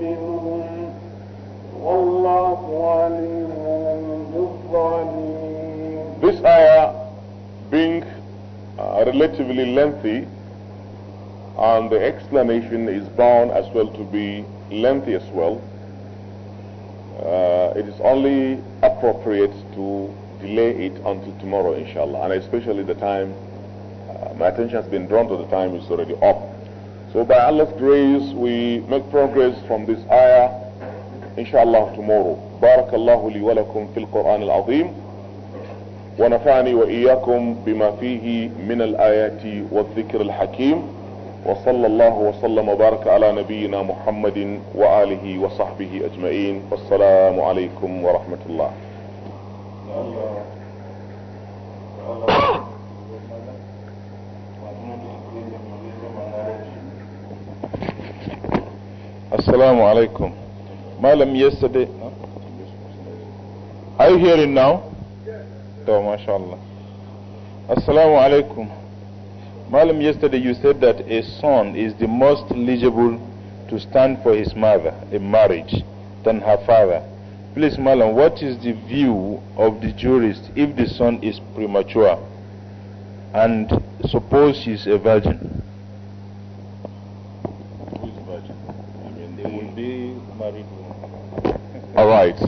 منهم والله عليم بالظالمين uh, relatively lengthy and the explanation is bound as well to be lengthy as well. Uh, it is only appropriate to delay it until tomorrow, inshallah, and especially the time. Uh, my attention has been drawn to the time is already up. So by Allah's grace, we make progress from this ayah, inshallah, tomorrow. بارك الله لي ولكم في القرآن العظيم ونفعني واياكم بما فيه من الايات والذكر الحكيم وصلى الله وسلم وبارك على نبينا محمد واله وصحبه اجمعين والسلام عليكم ورحمه الله السلام عليكم ما لم يسد are you hearing now door, mashallah. Assalamu alaikum. Malam, yesterday you said that a son is the most eligible to stand for his mother in marriage than her father. Please, Malam, what is the view of the jurist if the son is premature and suppose she is a virgin? Who is virgin? I mean, they will be married. All right.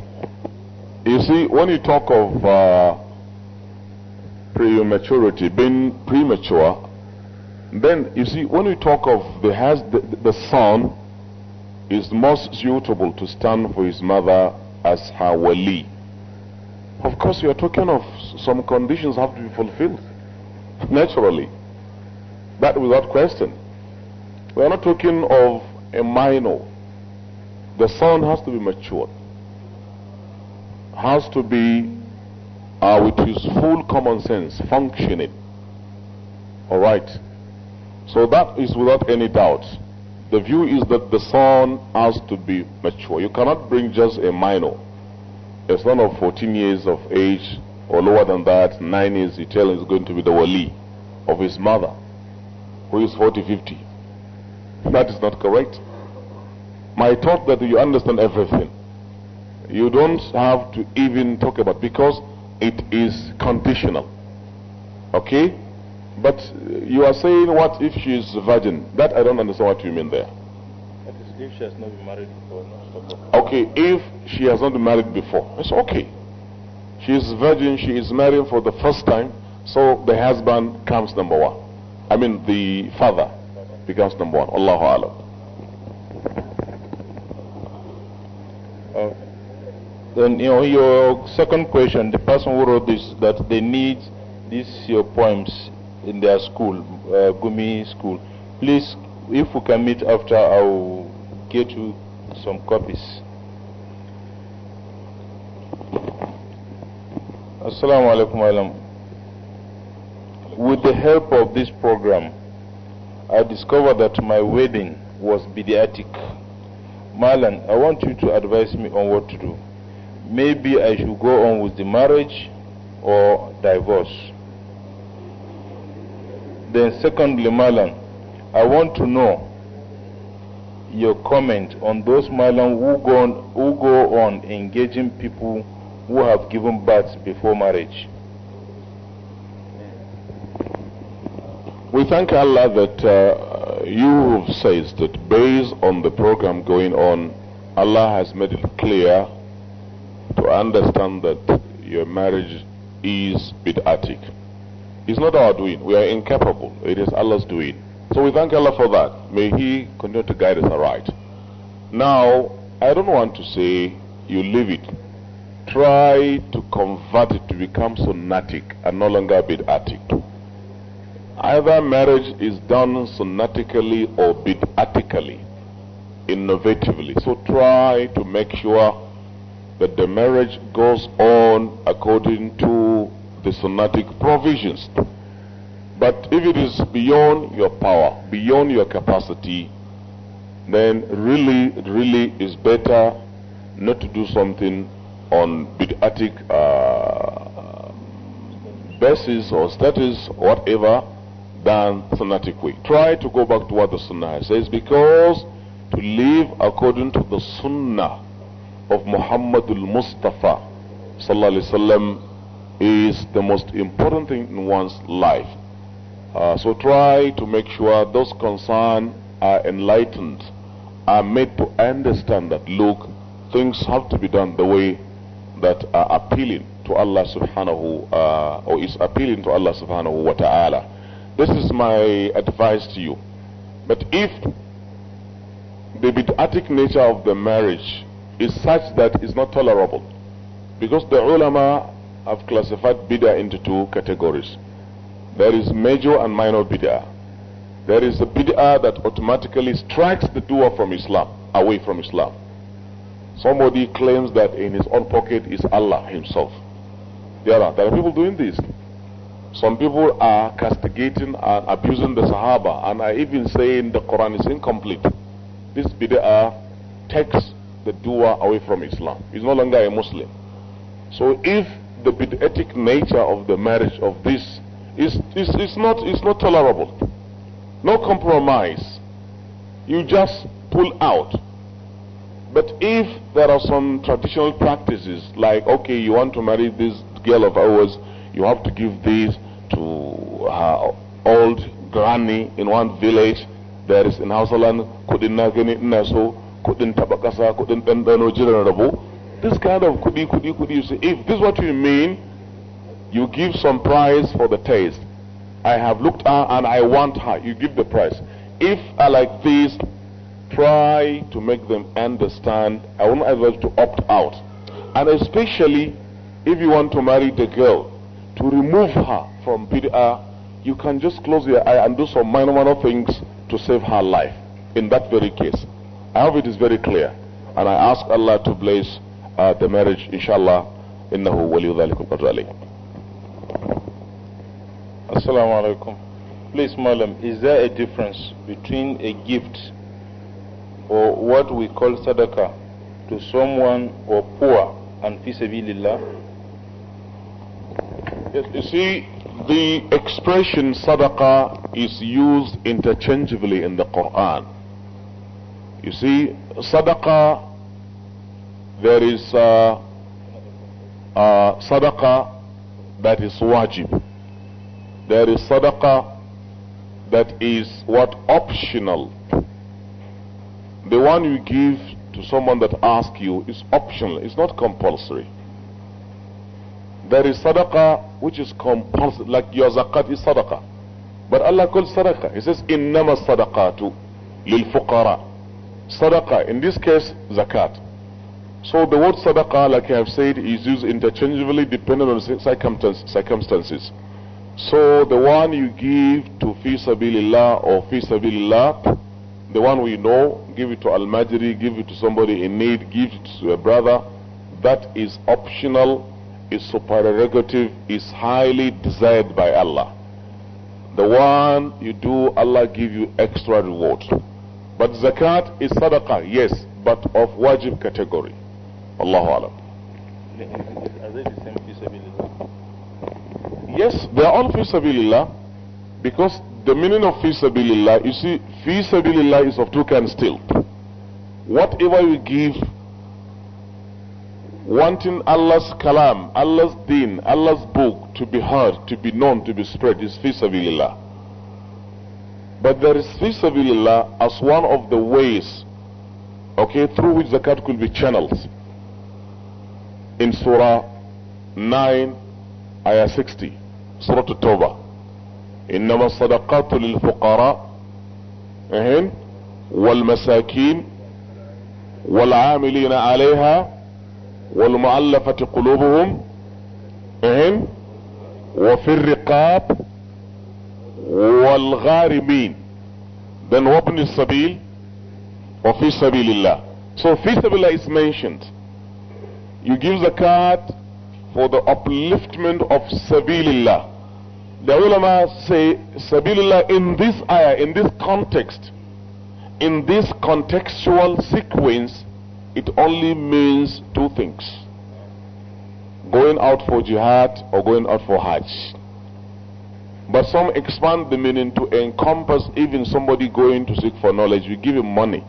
You see, when you talk of uh, prematurity, being premature, then you see, when we talk of the, has, the, the son is most suitable to stand for his mother as her wali. Of course, we are talking of some conditions have to be fulfilled naturally. That without question. We are not talking of a minor. The son has to be matured, has to be uh, ah, with his full common sense functioning. Alright. So that is without any doubt. The view is that the son has to be mature. You cannot bring just a minor, a son of 14 years of age or lower than that, 9 years, He tell him he's going to be the wali of his mother, who is 40, 50. That is not correct. My thought that you understand everything. You don't have to even talk about because it is conditional. Okay? But you are saying what if she is virgin? That I don't understand what you mean there. That is if she has not been married before. Okay, if she has not been married before, it's okay. She is virgin, she is married for the first time, so the husband comes number one. I mean, the father becomes number one. Allahu Alam. Okay. Then you know, your second question, the person who wrote this, that they need these your poems in their school, uh, Gumi school. Please, if we can meet after, I will get you some copies. Assalamu alaikum alam. With the help of this program, I discovered that my wedding was bidiatic. Marlon, I want you to advise me on what to do maybe I should go on with the marriage or divorce. Then, secondly, Malan, I want to know your comment on those Malan who go on, who go on engaging people who have given birth before marriage. We thank Allah that uh, you have said that based on the program going on, Allah has made it clear to understand that your marriage is bid'atik. It's not our doing. We are incapable. It is Allah's doing. So we thank Allah for that. May He continue to guide us aright. Now, I don't want to say you leave it. Try to convert it to become sunnatic and no longer bid'atik. Either marriage is done sunnatically or bid'atically, innovatively. So try to make sure but the marriage goes on according to the Sunnatic provisions. But if it is beyond your power, beyond your capacity, then really, really is better not to do something on bid'atic uh, basis or status whatever than sunnatic way. Try to go back to what the sunnah says because to live according to the sunnah of Muhammadul Mustafa sallallahu alaihi wasallam is the most important thing in one's life. Uh, so try to make sure those concerned are enlightened, are made to understand that look, things have to be done the way that are appealing to Allah subhanahu uh, or is appealing to Allah subhanahu wa ta'ala. This is my advice to you. But if the bid'atic nature of the marriage is such that it is not tolerable. Because the ulama have classified bid'ah into two categories. There is major and minor bid'ah. There is a bid'ah that automatically strikes the doer from Islam, away from Islam. Somebody claims that in his own pocket is Allah himself. There are, there are people doing this. Some people are castigating and abusing the Sahaba and are even saying the Quran is incomplete. This bid'ah takes the doer away from Islam. He's no longer a Muslim. So if the bid'atic nature of the marriage of this is, is, is, not, is not tolerable, no compromise, you just pull out. But if there are some traditional practices like, okay, you want to marry this girl of ours, you have to give this to her old granny in one village, there is in Hausaland, Kudinagini, Naso, jiran rabo this kind of kudi kudi kudi. you say if this what you mean you give some price for the taste I have looked her uh, and I want her you give the price if I like this try to make them understand I won't advise to opt out and especially if you want to marry the girl to remove her from bid'ah you can just close your eye and do some minor minor things to save her life in that very case I hope it is very clear. And I ask Allah to bless uh, the marriage, inshallah. إنه ولي ذلك القدر عليه السلام عليكم Please, Malam, is there a difference between a gift or what we call sadaqah to someone or poor and fisabilillah? Yes, you see, the expression sadaqah is used interchangeably in the Quran. You see, sadaqah, there is uh, uh, sadaqah that is wajib. There is sadaqah that is what optional. The one you give to someone that asks you is optional, it's not compulsory. There is sadaqah which is compulsory, like your zakat is sadaqah. But Allah calls sadaqah. He says, sadaqatu lil لِلْفُقَرَاءِ sadaqah, in this case, zakat. So the word sadaqah, like I have said, is used interchangeably depending on circumstances. So the one you give to fi sabilillah or fi sabilillah, the one we know, give it to al-majri, give it to somebody in need, give it to a brother, that is optional, is supererogative, is highly desired by Allah. The one you do, Allah give you extra reward. But zakat is sadaqah, yes, but of wajib category. Allahu Alam. Are Yes, they are all sabilillah, because the meaning of sabilillah, you see, sabilillah is of two kinds still. Whatever you give, wanting Allah's kalam, Allah's deen, Allah's book to be heard, to be known, to be spread is sabilillah. But there is fi sabilillah as one of the ways, okay, through which zakat could be channeled. In Surah 9, Ayah 60, Surah At-Tawbah. إنما الصدقات للفقراء والمساكين والعاملين عليها والمؤلفة قلوبهم وفي الرقاب وَالْغَارِبِينَ then وابن السبيل وفي سبيل الله so في سبيل الله is mentioned you give the card for the upliftment of sabilillah the ulama say sabilillah in this ayah in this context in this contextual sequence it only means two things going out for jihad or going out for hajj but some expand the meaning to encompass even somebody going to seek for knowledge. We give him money.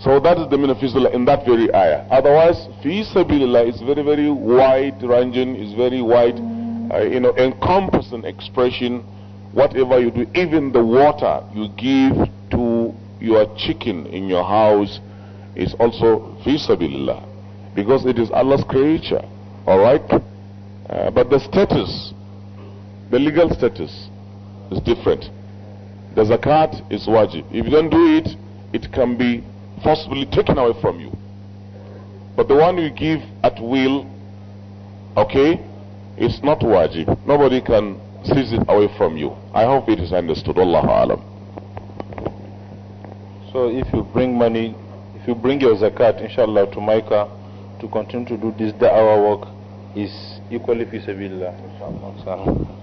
So that is the meaning of fisabilillah in that very ayah. Otherwise, fisabilillah is very, very wide ranging, is very wide, uh, you know, encompassing expression. Whatever you do, even the water you give to your chicken in your house is also fisabilillah because it is Allah's creature. All right? Uh, but the status the legal status is different. The zakat is wajib. If you don't do it, it can be forcibly taken away from you. But the one you give at will, okay, it's not wajib. Nobody can seize it away from you. I hope it is understood. Allahu alam. So if you bring money, if you bring your zakat, inshallah, to Micah to continue to do this our work is equally feasible, inshallah.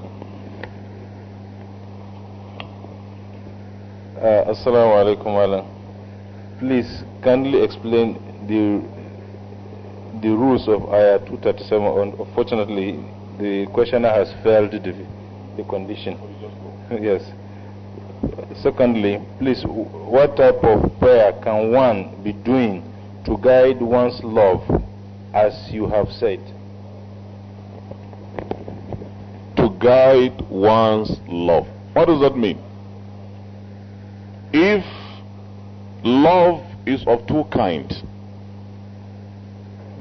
Uh, Assalamu alaikum Alan. Please kindly explain the the rules of Ayah 237. Unfortunately, the questioner has failed the, the condition. yes. Secondly, please, what type of prayer can one be doing to guide one's love as you have said? To guide one's love. What does that mean? If love is of two kinds,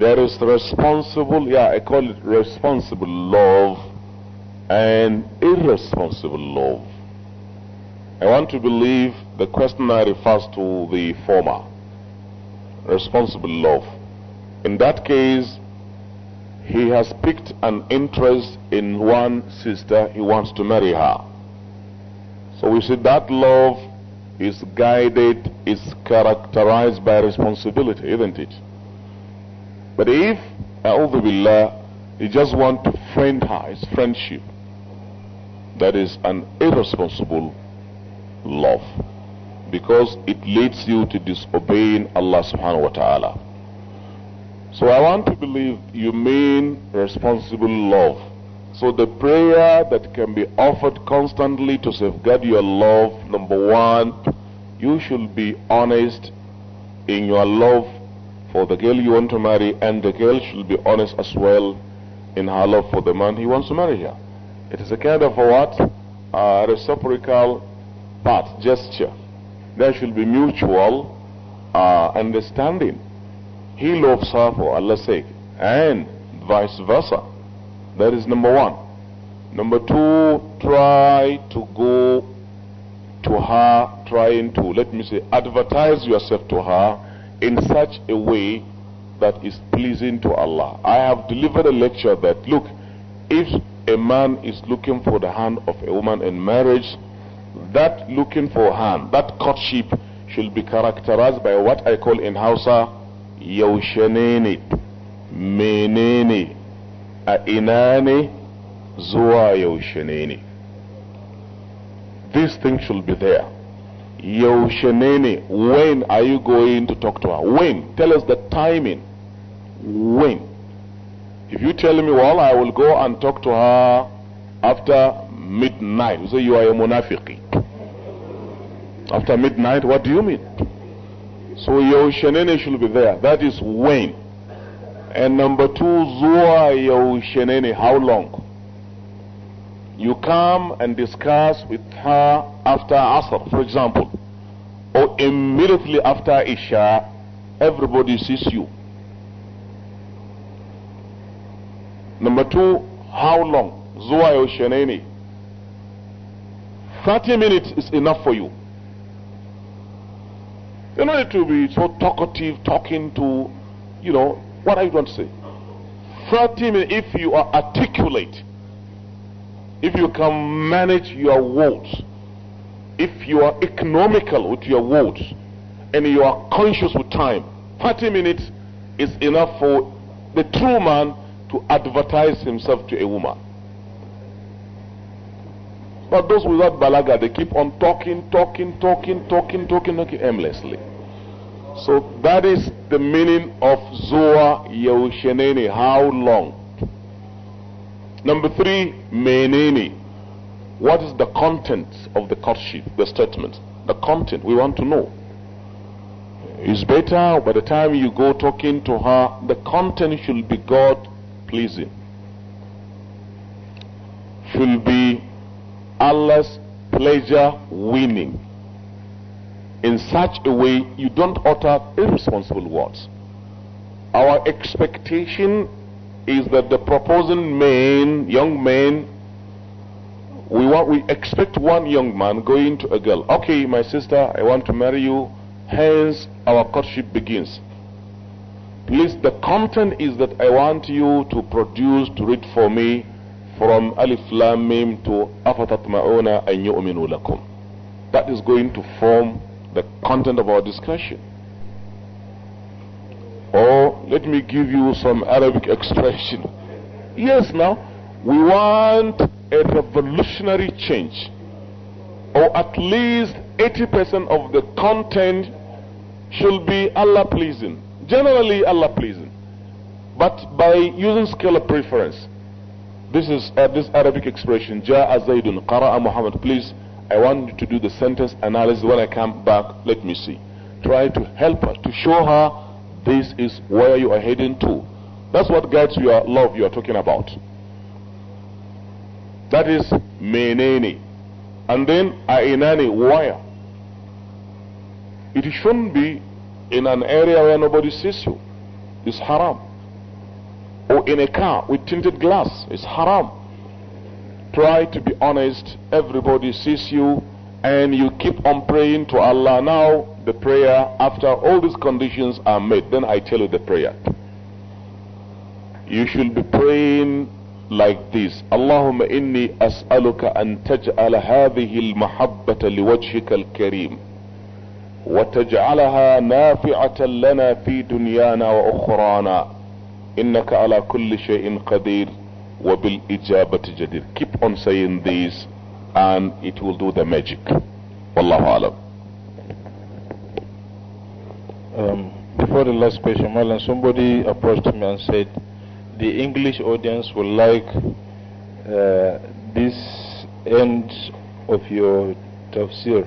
there is responsible, yeah, I call it responsible love and irresponsible love. I want to believe the questioner refers to the former, responsible love. In that case, he has picked an interest in one sister, he wants to marry her. So we see that love is guided, is characterized by responsibility, isn't it? But if, a'udhu billah, you just want to friendize, friendship, that is an irresponsible love because it leads you to disobeying Allah subhanahu wa ta'ala. So I want to believe you mean responsible love so the prayer that can be offered constantly to safeguard your love, number one, you should be honest in your love for the girl you want to marry, and the girl should be honest as well in her love for the man he wants to marry her. It is a kind of a what? A reciprocal part, gesture. There should be mutual uh, understanding. He loves her for Allah's sake, and vice versa. That is number one. Number two, try to go to her, trying to, let me say, advertise yourself to her in such a way that is pleasing to Allah. I have delivered a lecture that, look, if a man is looking for the hand of a woman in marriage, that looking for hand, that courtship, should be characterized by what I call in Hausa, yaushe menene a ina ne zuwa yaushe ne ne this thing should be there yaushe ne ne when are you going to talk to her when tell us the timing when if you tell me well i will go and talk to her after midnight you say you are a monafiki. after midnight what do you mean so yaushe ne ne should be there that is when and number two zuwa yaushe how long you come and discuss with her after asr for example or immediately after isha everybody sees you number two how long zuwa yaushe 30 minutes is enough for you you don't need to be so talkative talking to you know what are you going to say? 30 minutes, if you are articulate, if you can manage your words, if you are economical with your words, and you are conscious with time, 30 minutes is enough for the true man to advertise himself to a woman. But those without balaga, they keep on talking, talking, talking, talking, talking, talking endlessly. So that is the meaning of Zoa Yehushenene, how long? Number three, Menene. What is the content of the courtship, the statement? The content, we want to know. It's better by the time you go talking to her, the content should be God pleasing, should be Allah's pleasure winning in such a way you don't utter irresponsible words. Our expectation is that the proposing men, young men, we want, we expect one young man going to a girl. Okay, my sister, I want to marry you. Hence, our courtship begins. Please, the content is that I want you to produce, to read for me from Alif Lam Mim to Afatatma'una and Yu'minu Lakum. That is going to form the content of our discussion. Or let me give you some Arabic expression. Yes, now we want a revolutionary change, or at least 80% of the content should be Allah pleasing, generally Allah pleasing, but by using scalar preference. This is uh, this Arabic expression, Ja'a Zaidun, Qara'a Muhammad, please I want you to do the sentence analysis. When I come back, let me see. Try to help her, to show her this is where you are heading to. That's what guides your love you are talking about. That is menene. And then ainani, wire. It shouldn't be in an area where nobody sees you. It's haram. Or in a car with tinted glass. It's haram try to be honest. Everybody sees you and you keep on praying to Allah. Now, the prayer, after all these conditions are met, then I tell you the prayer. You should be praying like this Allahumma inni as'aluka an taj'al hadhihi al mahabbata liwajhika al kareem wa taj'alaha nafi'atan lana fi dunyana wa ukhrana innaka ala kulli shay'in qadir keep on saying this and it will do the magic والله أعلم um, before the last question Marlon, somebody approached me and said the English audience would like uh, this end of your tafsir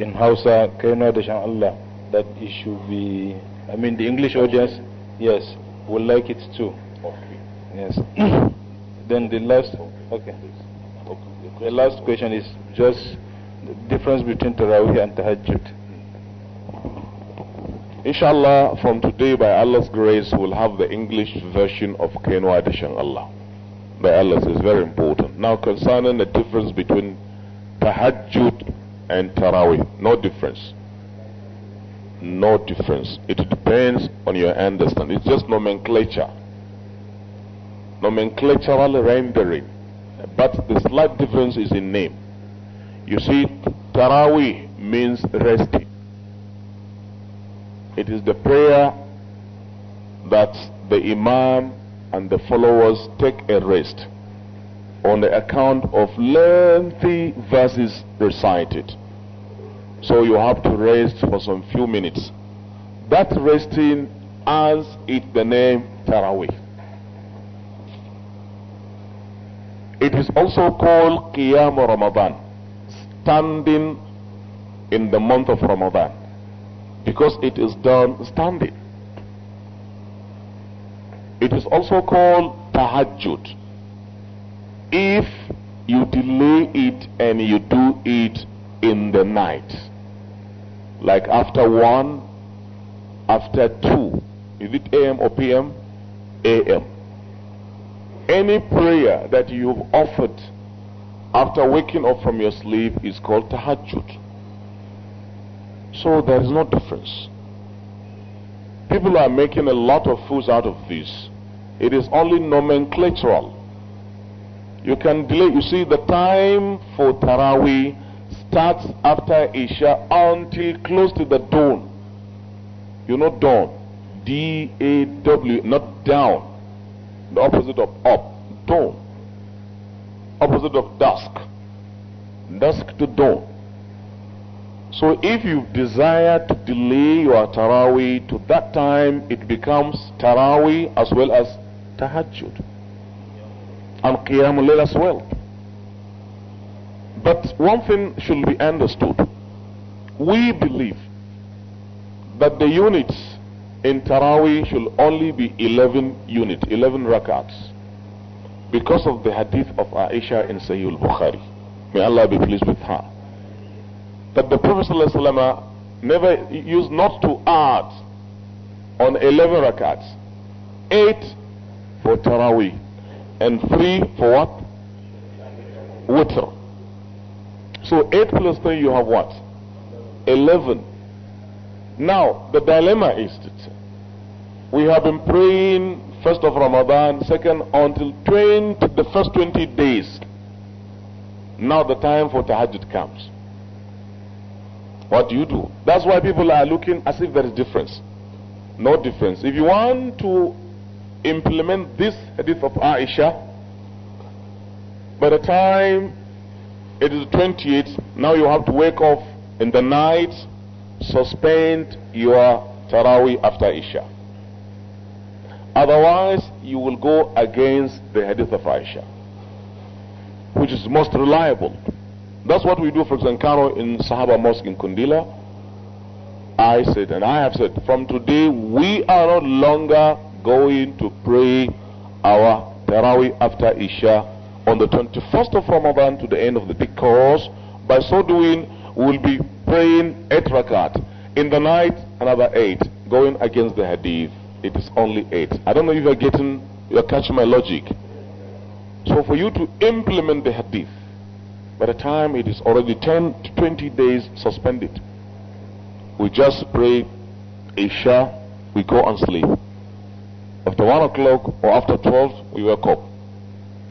in Hausa Kaina Allah that it should be I mean the English audience yes would like it too okay. yes Then the last, okay. The last question is just the difference between Tarawih and Tahajjud. Inshallah, from today, by Allah's grace, we'll have the English version of Kenwa edition, Allah. By Allah's, it's very important. Now, concerning the difference between Tahajjud and Tarawih, no difference. No difference. It depends on your understanding. It's just nomenclature nomenclatural rendering, but the slight difference is in name. You see, Taraweeh means resting. It is the prayer that the Imam and the followers take a rest on the account of lengthy verses recited. So you have to rest for some few minutes. That resting earns it the name Taraweeh. It is also called Qiyam Ramadan, standing in the month of Ramadan, because it is done standing. It is also called Tahajjud. If you delay it and you do it in the night, like after 1, after 2, is it AM or PM? AM any prayer that you've offered after waking up from your sleep is called tahajjud. So there is no difference. People are making a lot of fools out of this. It is only nomenclatural. You can delay. You see, the time for Taraweeh starts after Isha until close to the dawn. You know dawn. D A W, not down. The opposite of up, dawn. Opposite of dusk, dusk to dawn. So if you desire to delay your Taraweeh to that time, it becomes Taraweeh as well as Tahajjud. And Qiyamul Layl as well. But one thing should be understood. We believe that the units in Taraweeh should only be 11 unit, 11 rakats. Because of the hadith of Aisha in Sahih al-Bukhari. May Allah be pleased with her. That the Prophet ﷺ never used not to add on 11 rakats. 8 for Taraweeh and 3 for what? Witr. So 8 plus 3 you have what? 11. Now, the dilemma is that we have been praying first of Ramadan, second until 20, the first 20 days. Now the time for tahajjud comes. What do you do? That's why people are looking as if there is difference. No difference. If you want to implement this hadith of Aisha, by the time it is 28, now you have to wake up in the night, suspend your Taraweeh after Isha. Otherwise, you will go against the hadith of Aisha, which is most reliable. That's what we do, for example, in Sahaba Mosque in Kundila. I said, and I have said, from today we are no longer going to pray our Taraweeh after Isha on the 21st of Ramadan to the end of the because by so doing we'll be praying eight rakat in the night another eight going against the hadith it is only 8. I don't know if you're getting, you're catching my logic. So for you to implement the hadith, by the time it is already 10 to 20 days suspended, we just pray Isha, we go and sleep. After 1 o'clock or after 12, we wake up.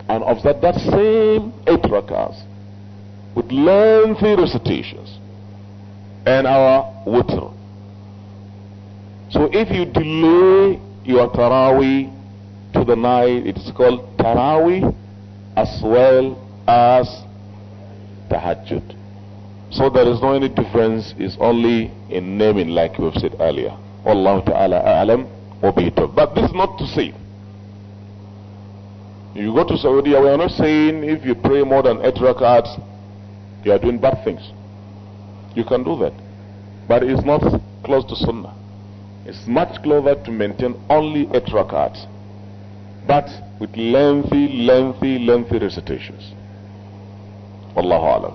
And of that, that same 8 rakas, with lengthy recitations, and our witr, so if you delay your Taraweeh to the night, it's called Taraweeh as well as Tahajjud. So there is no any difference, it's only in naming like we've said earlier. Allah Ta'ala A'lam wa But this is not to say. You go to Saudi, we are not saying if you pray more than eight rakats, you are doing bad things. You can do that. But it's not close to Sunnah. It's much closer to maintain only eight rakats, but with lengthy, lengthy, lengthy recitations. والله أعلم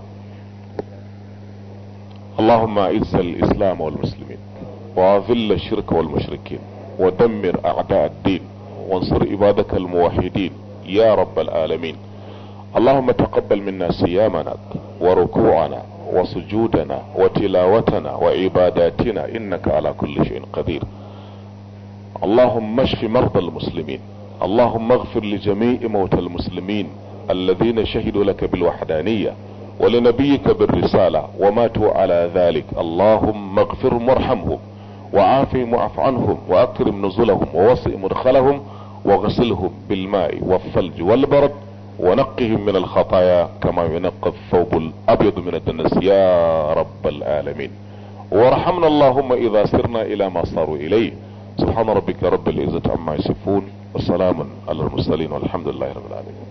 اللهم أعز الإسلام والمسلمين وأذل الشرك والمشركين ودمر أعداء الدين وانصر عبادك الموحدين يا رب العالمين اللهم تقبل منا صيامنا وركوعنا وسجودنا وتلاوتنا وعباداتنا انك على كل شيء قدير اللهم اشف مرضى المسلمين اللهم اغفر لجميع موتى المسلمين الذين شهدوا لك بالوحدانية ولنبيك بالرسالة وماتوا على ذلك اللهم اغفرهم وارحمهم وعافهم واعف عنهم واكرم نزلهم ووصئ مدخلهم وغسلهم بالماء والثلج والبرد ونقهم من الخطايا كما ينقى الثوب الابيض من الدنس يا رب العالمين ورحمنا اللهم اذا سرنا الى ما صاروا اليه سبحان ربك رب العزة عما يصفون وسلام على المرسلين والحمد لله رب العالمين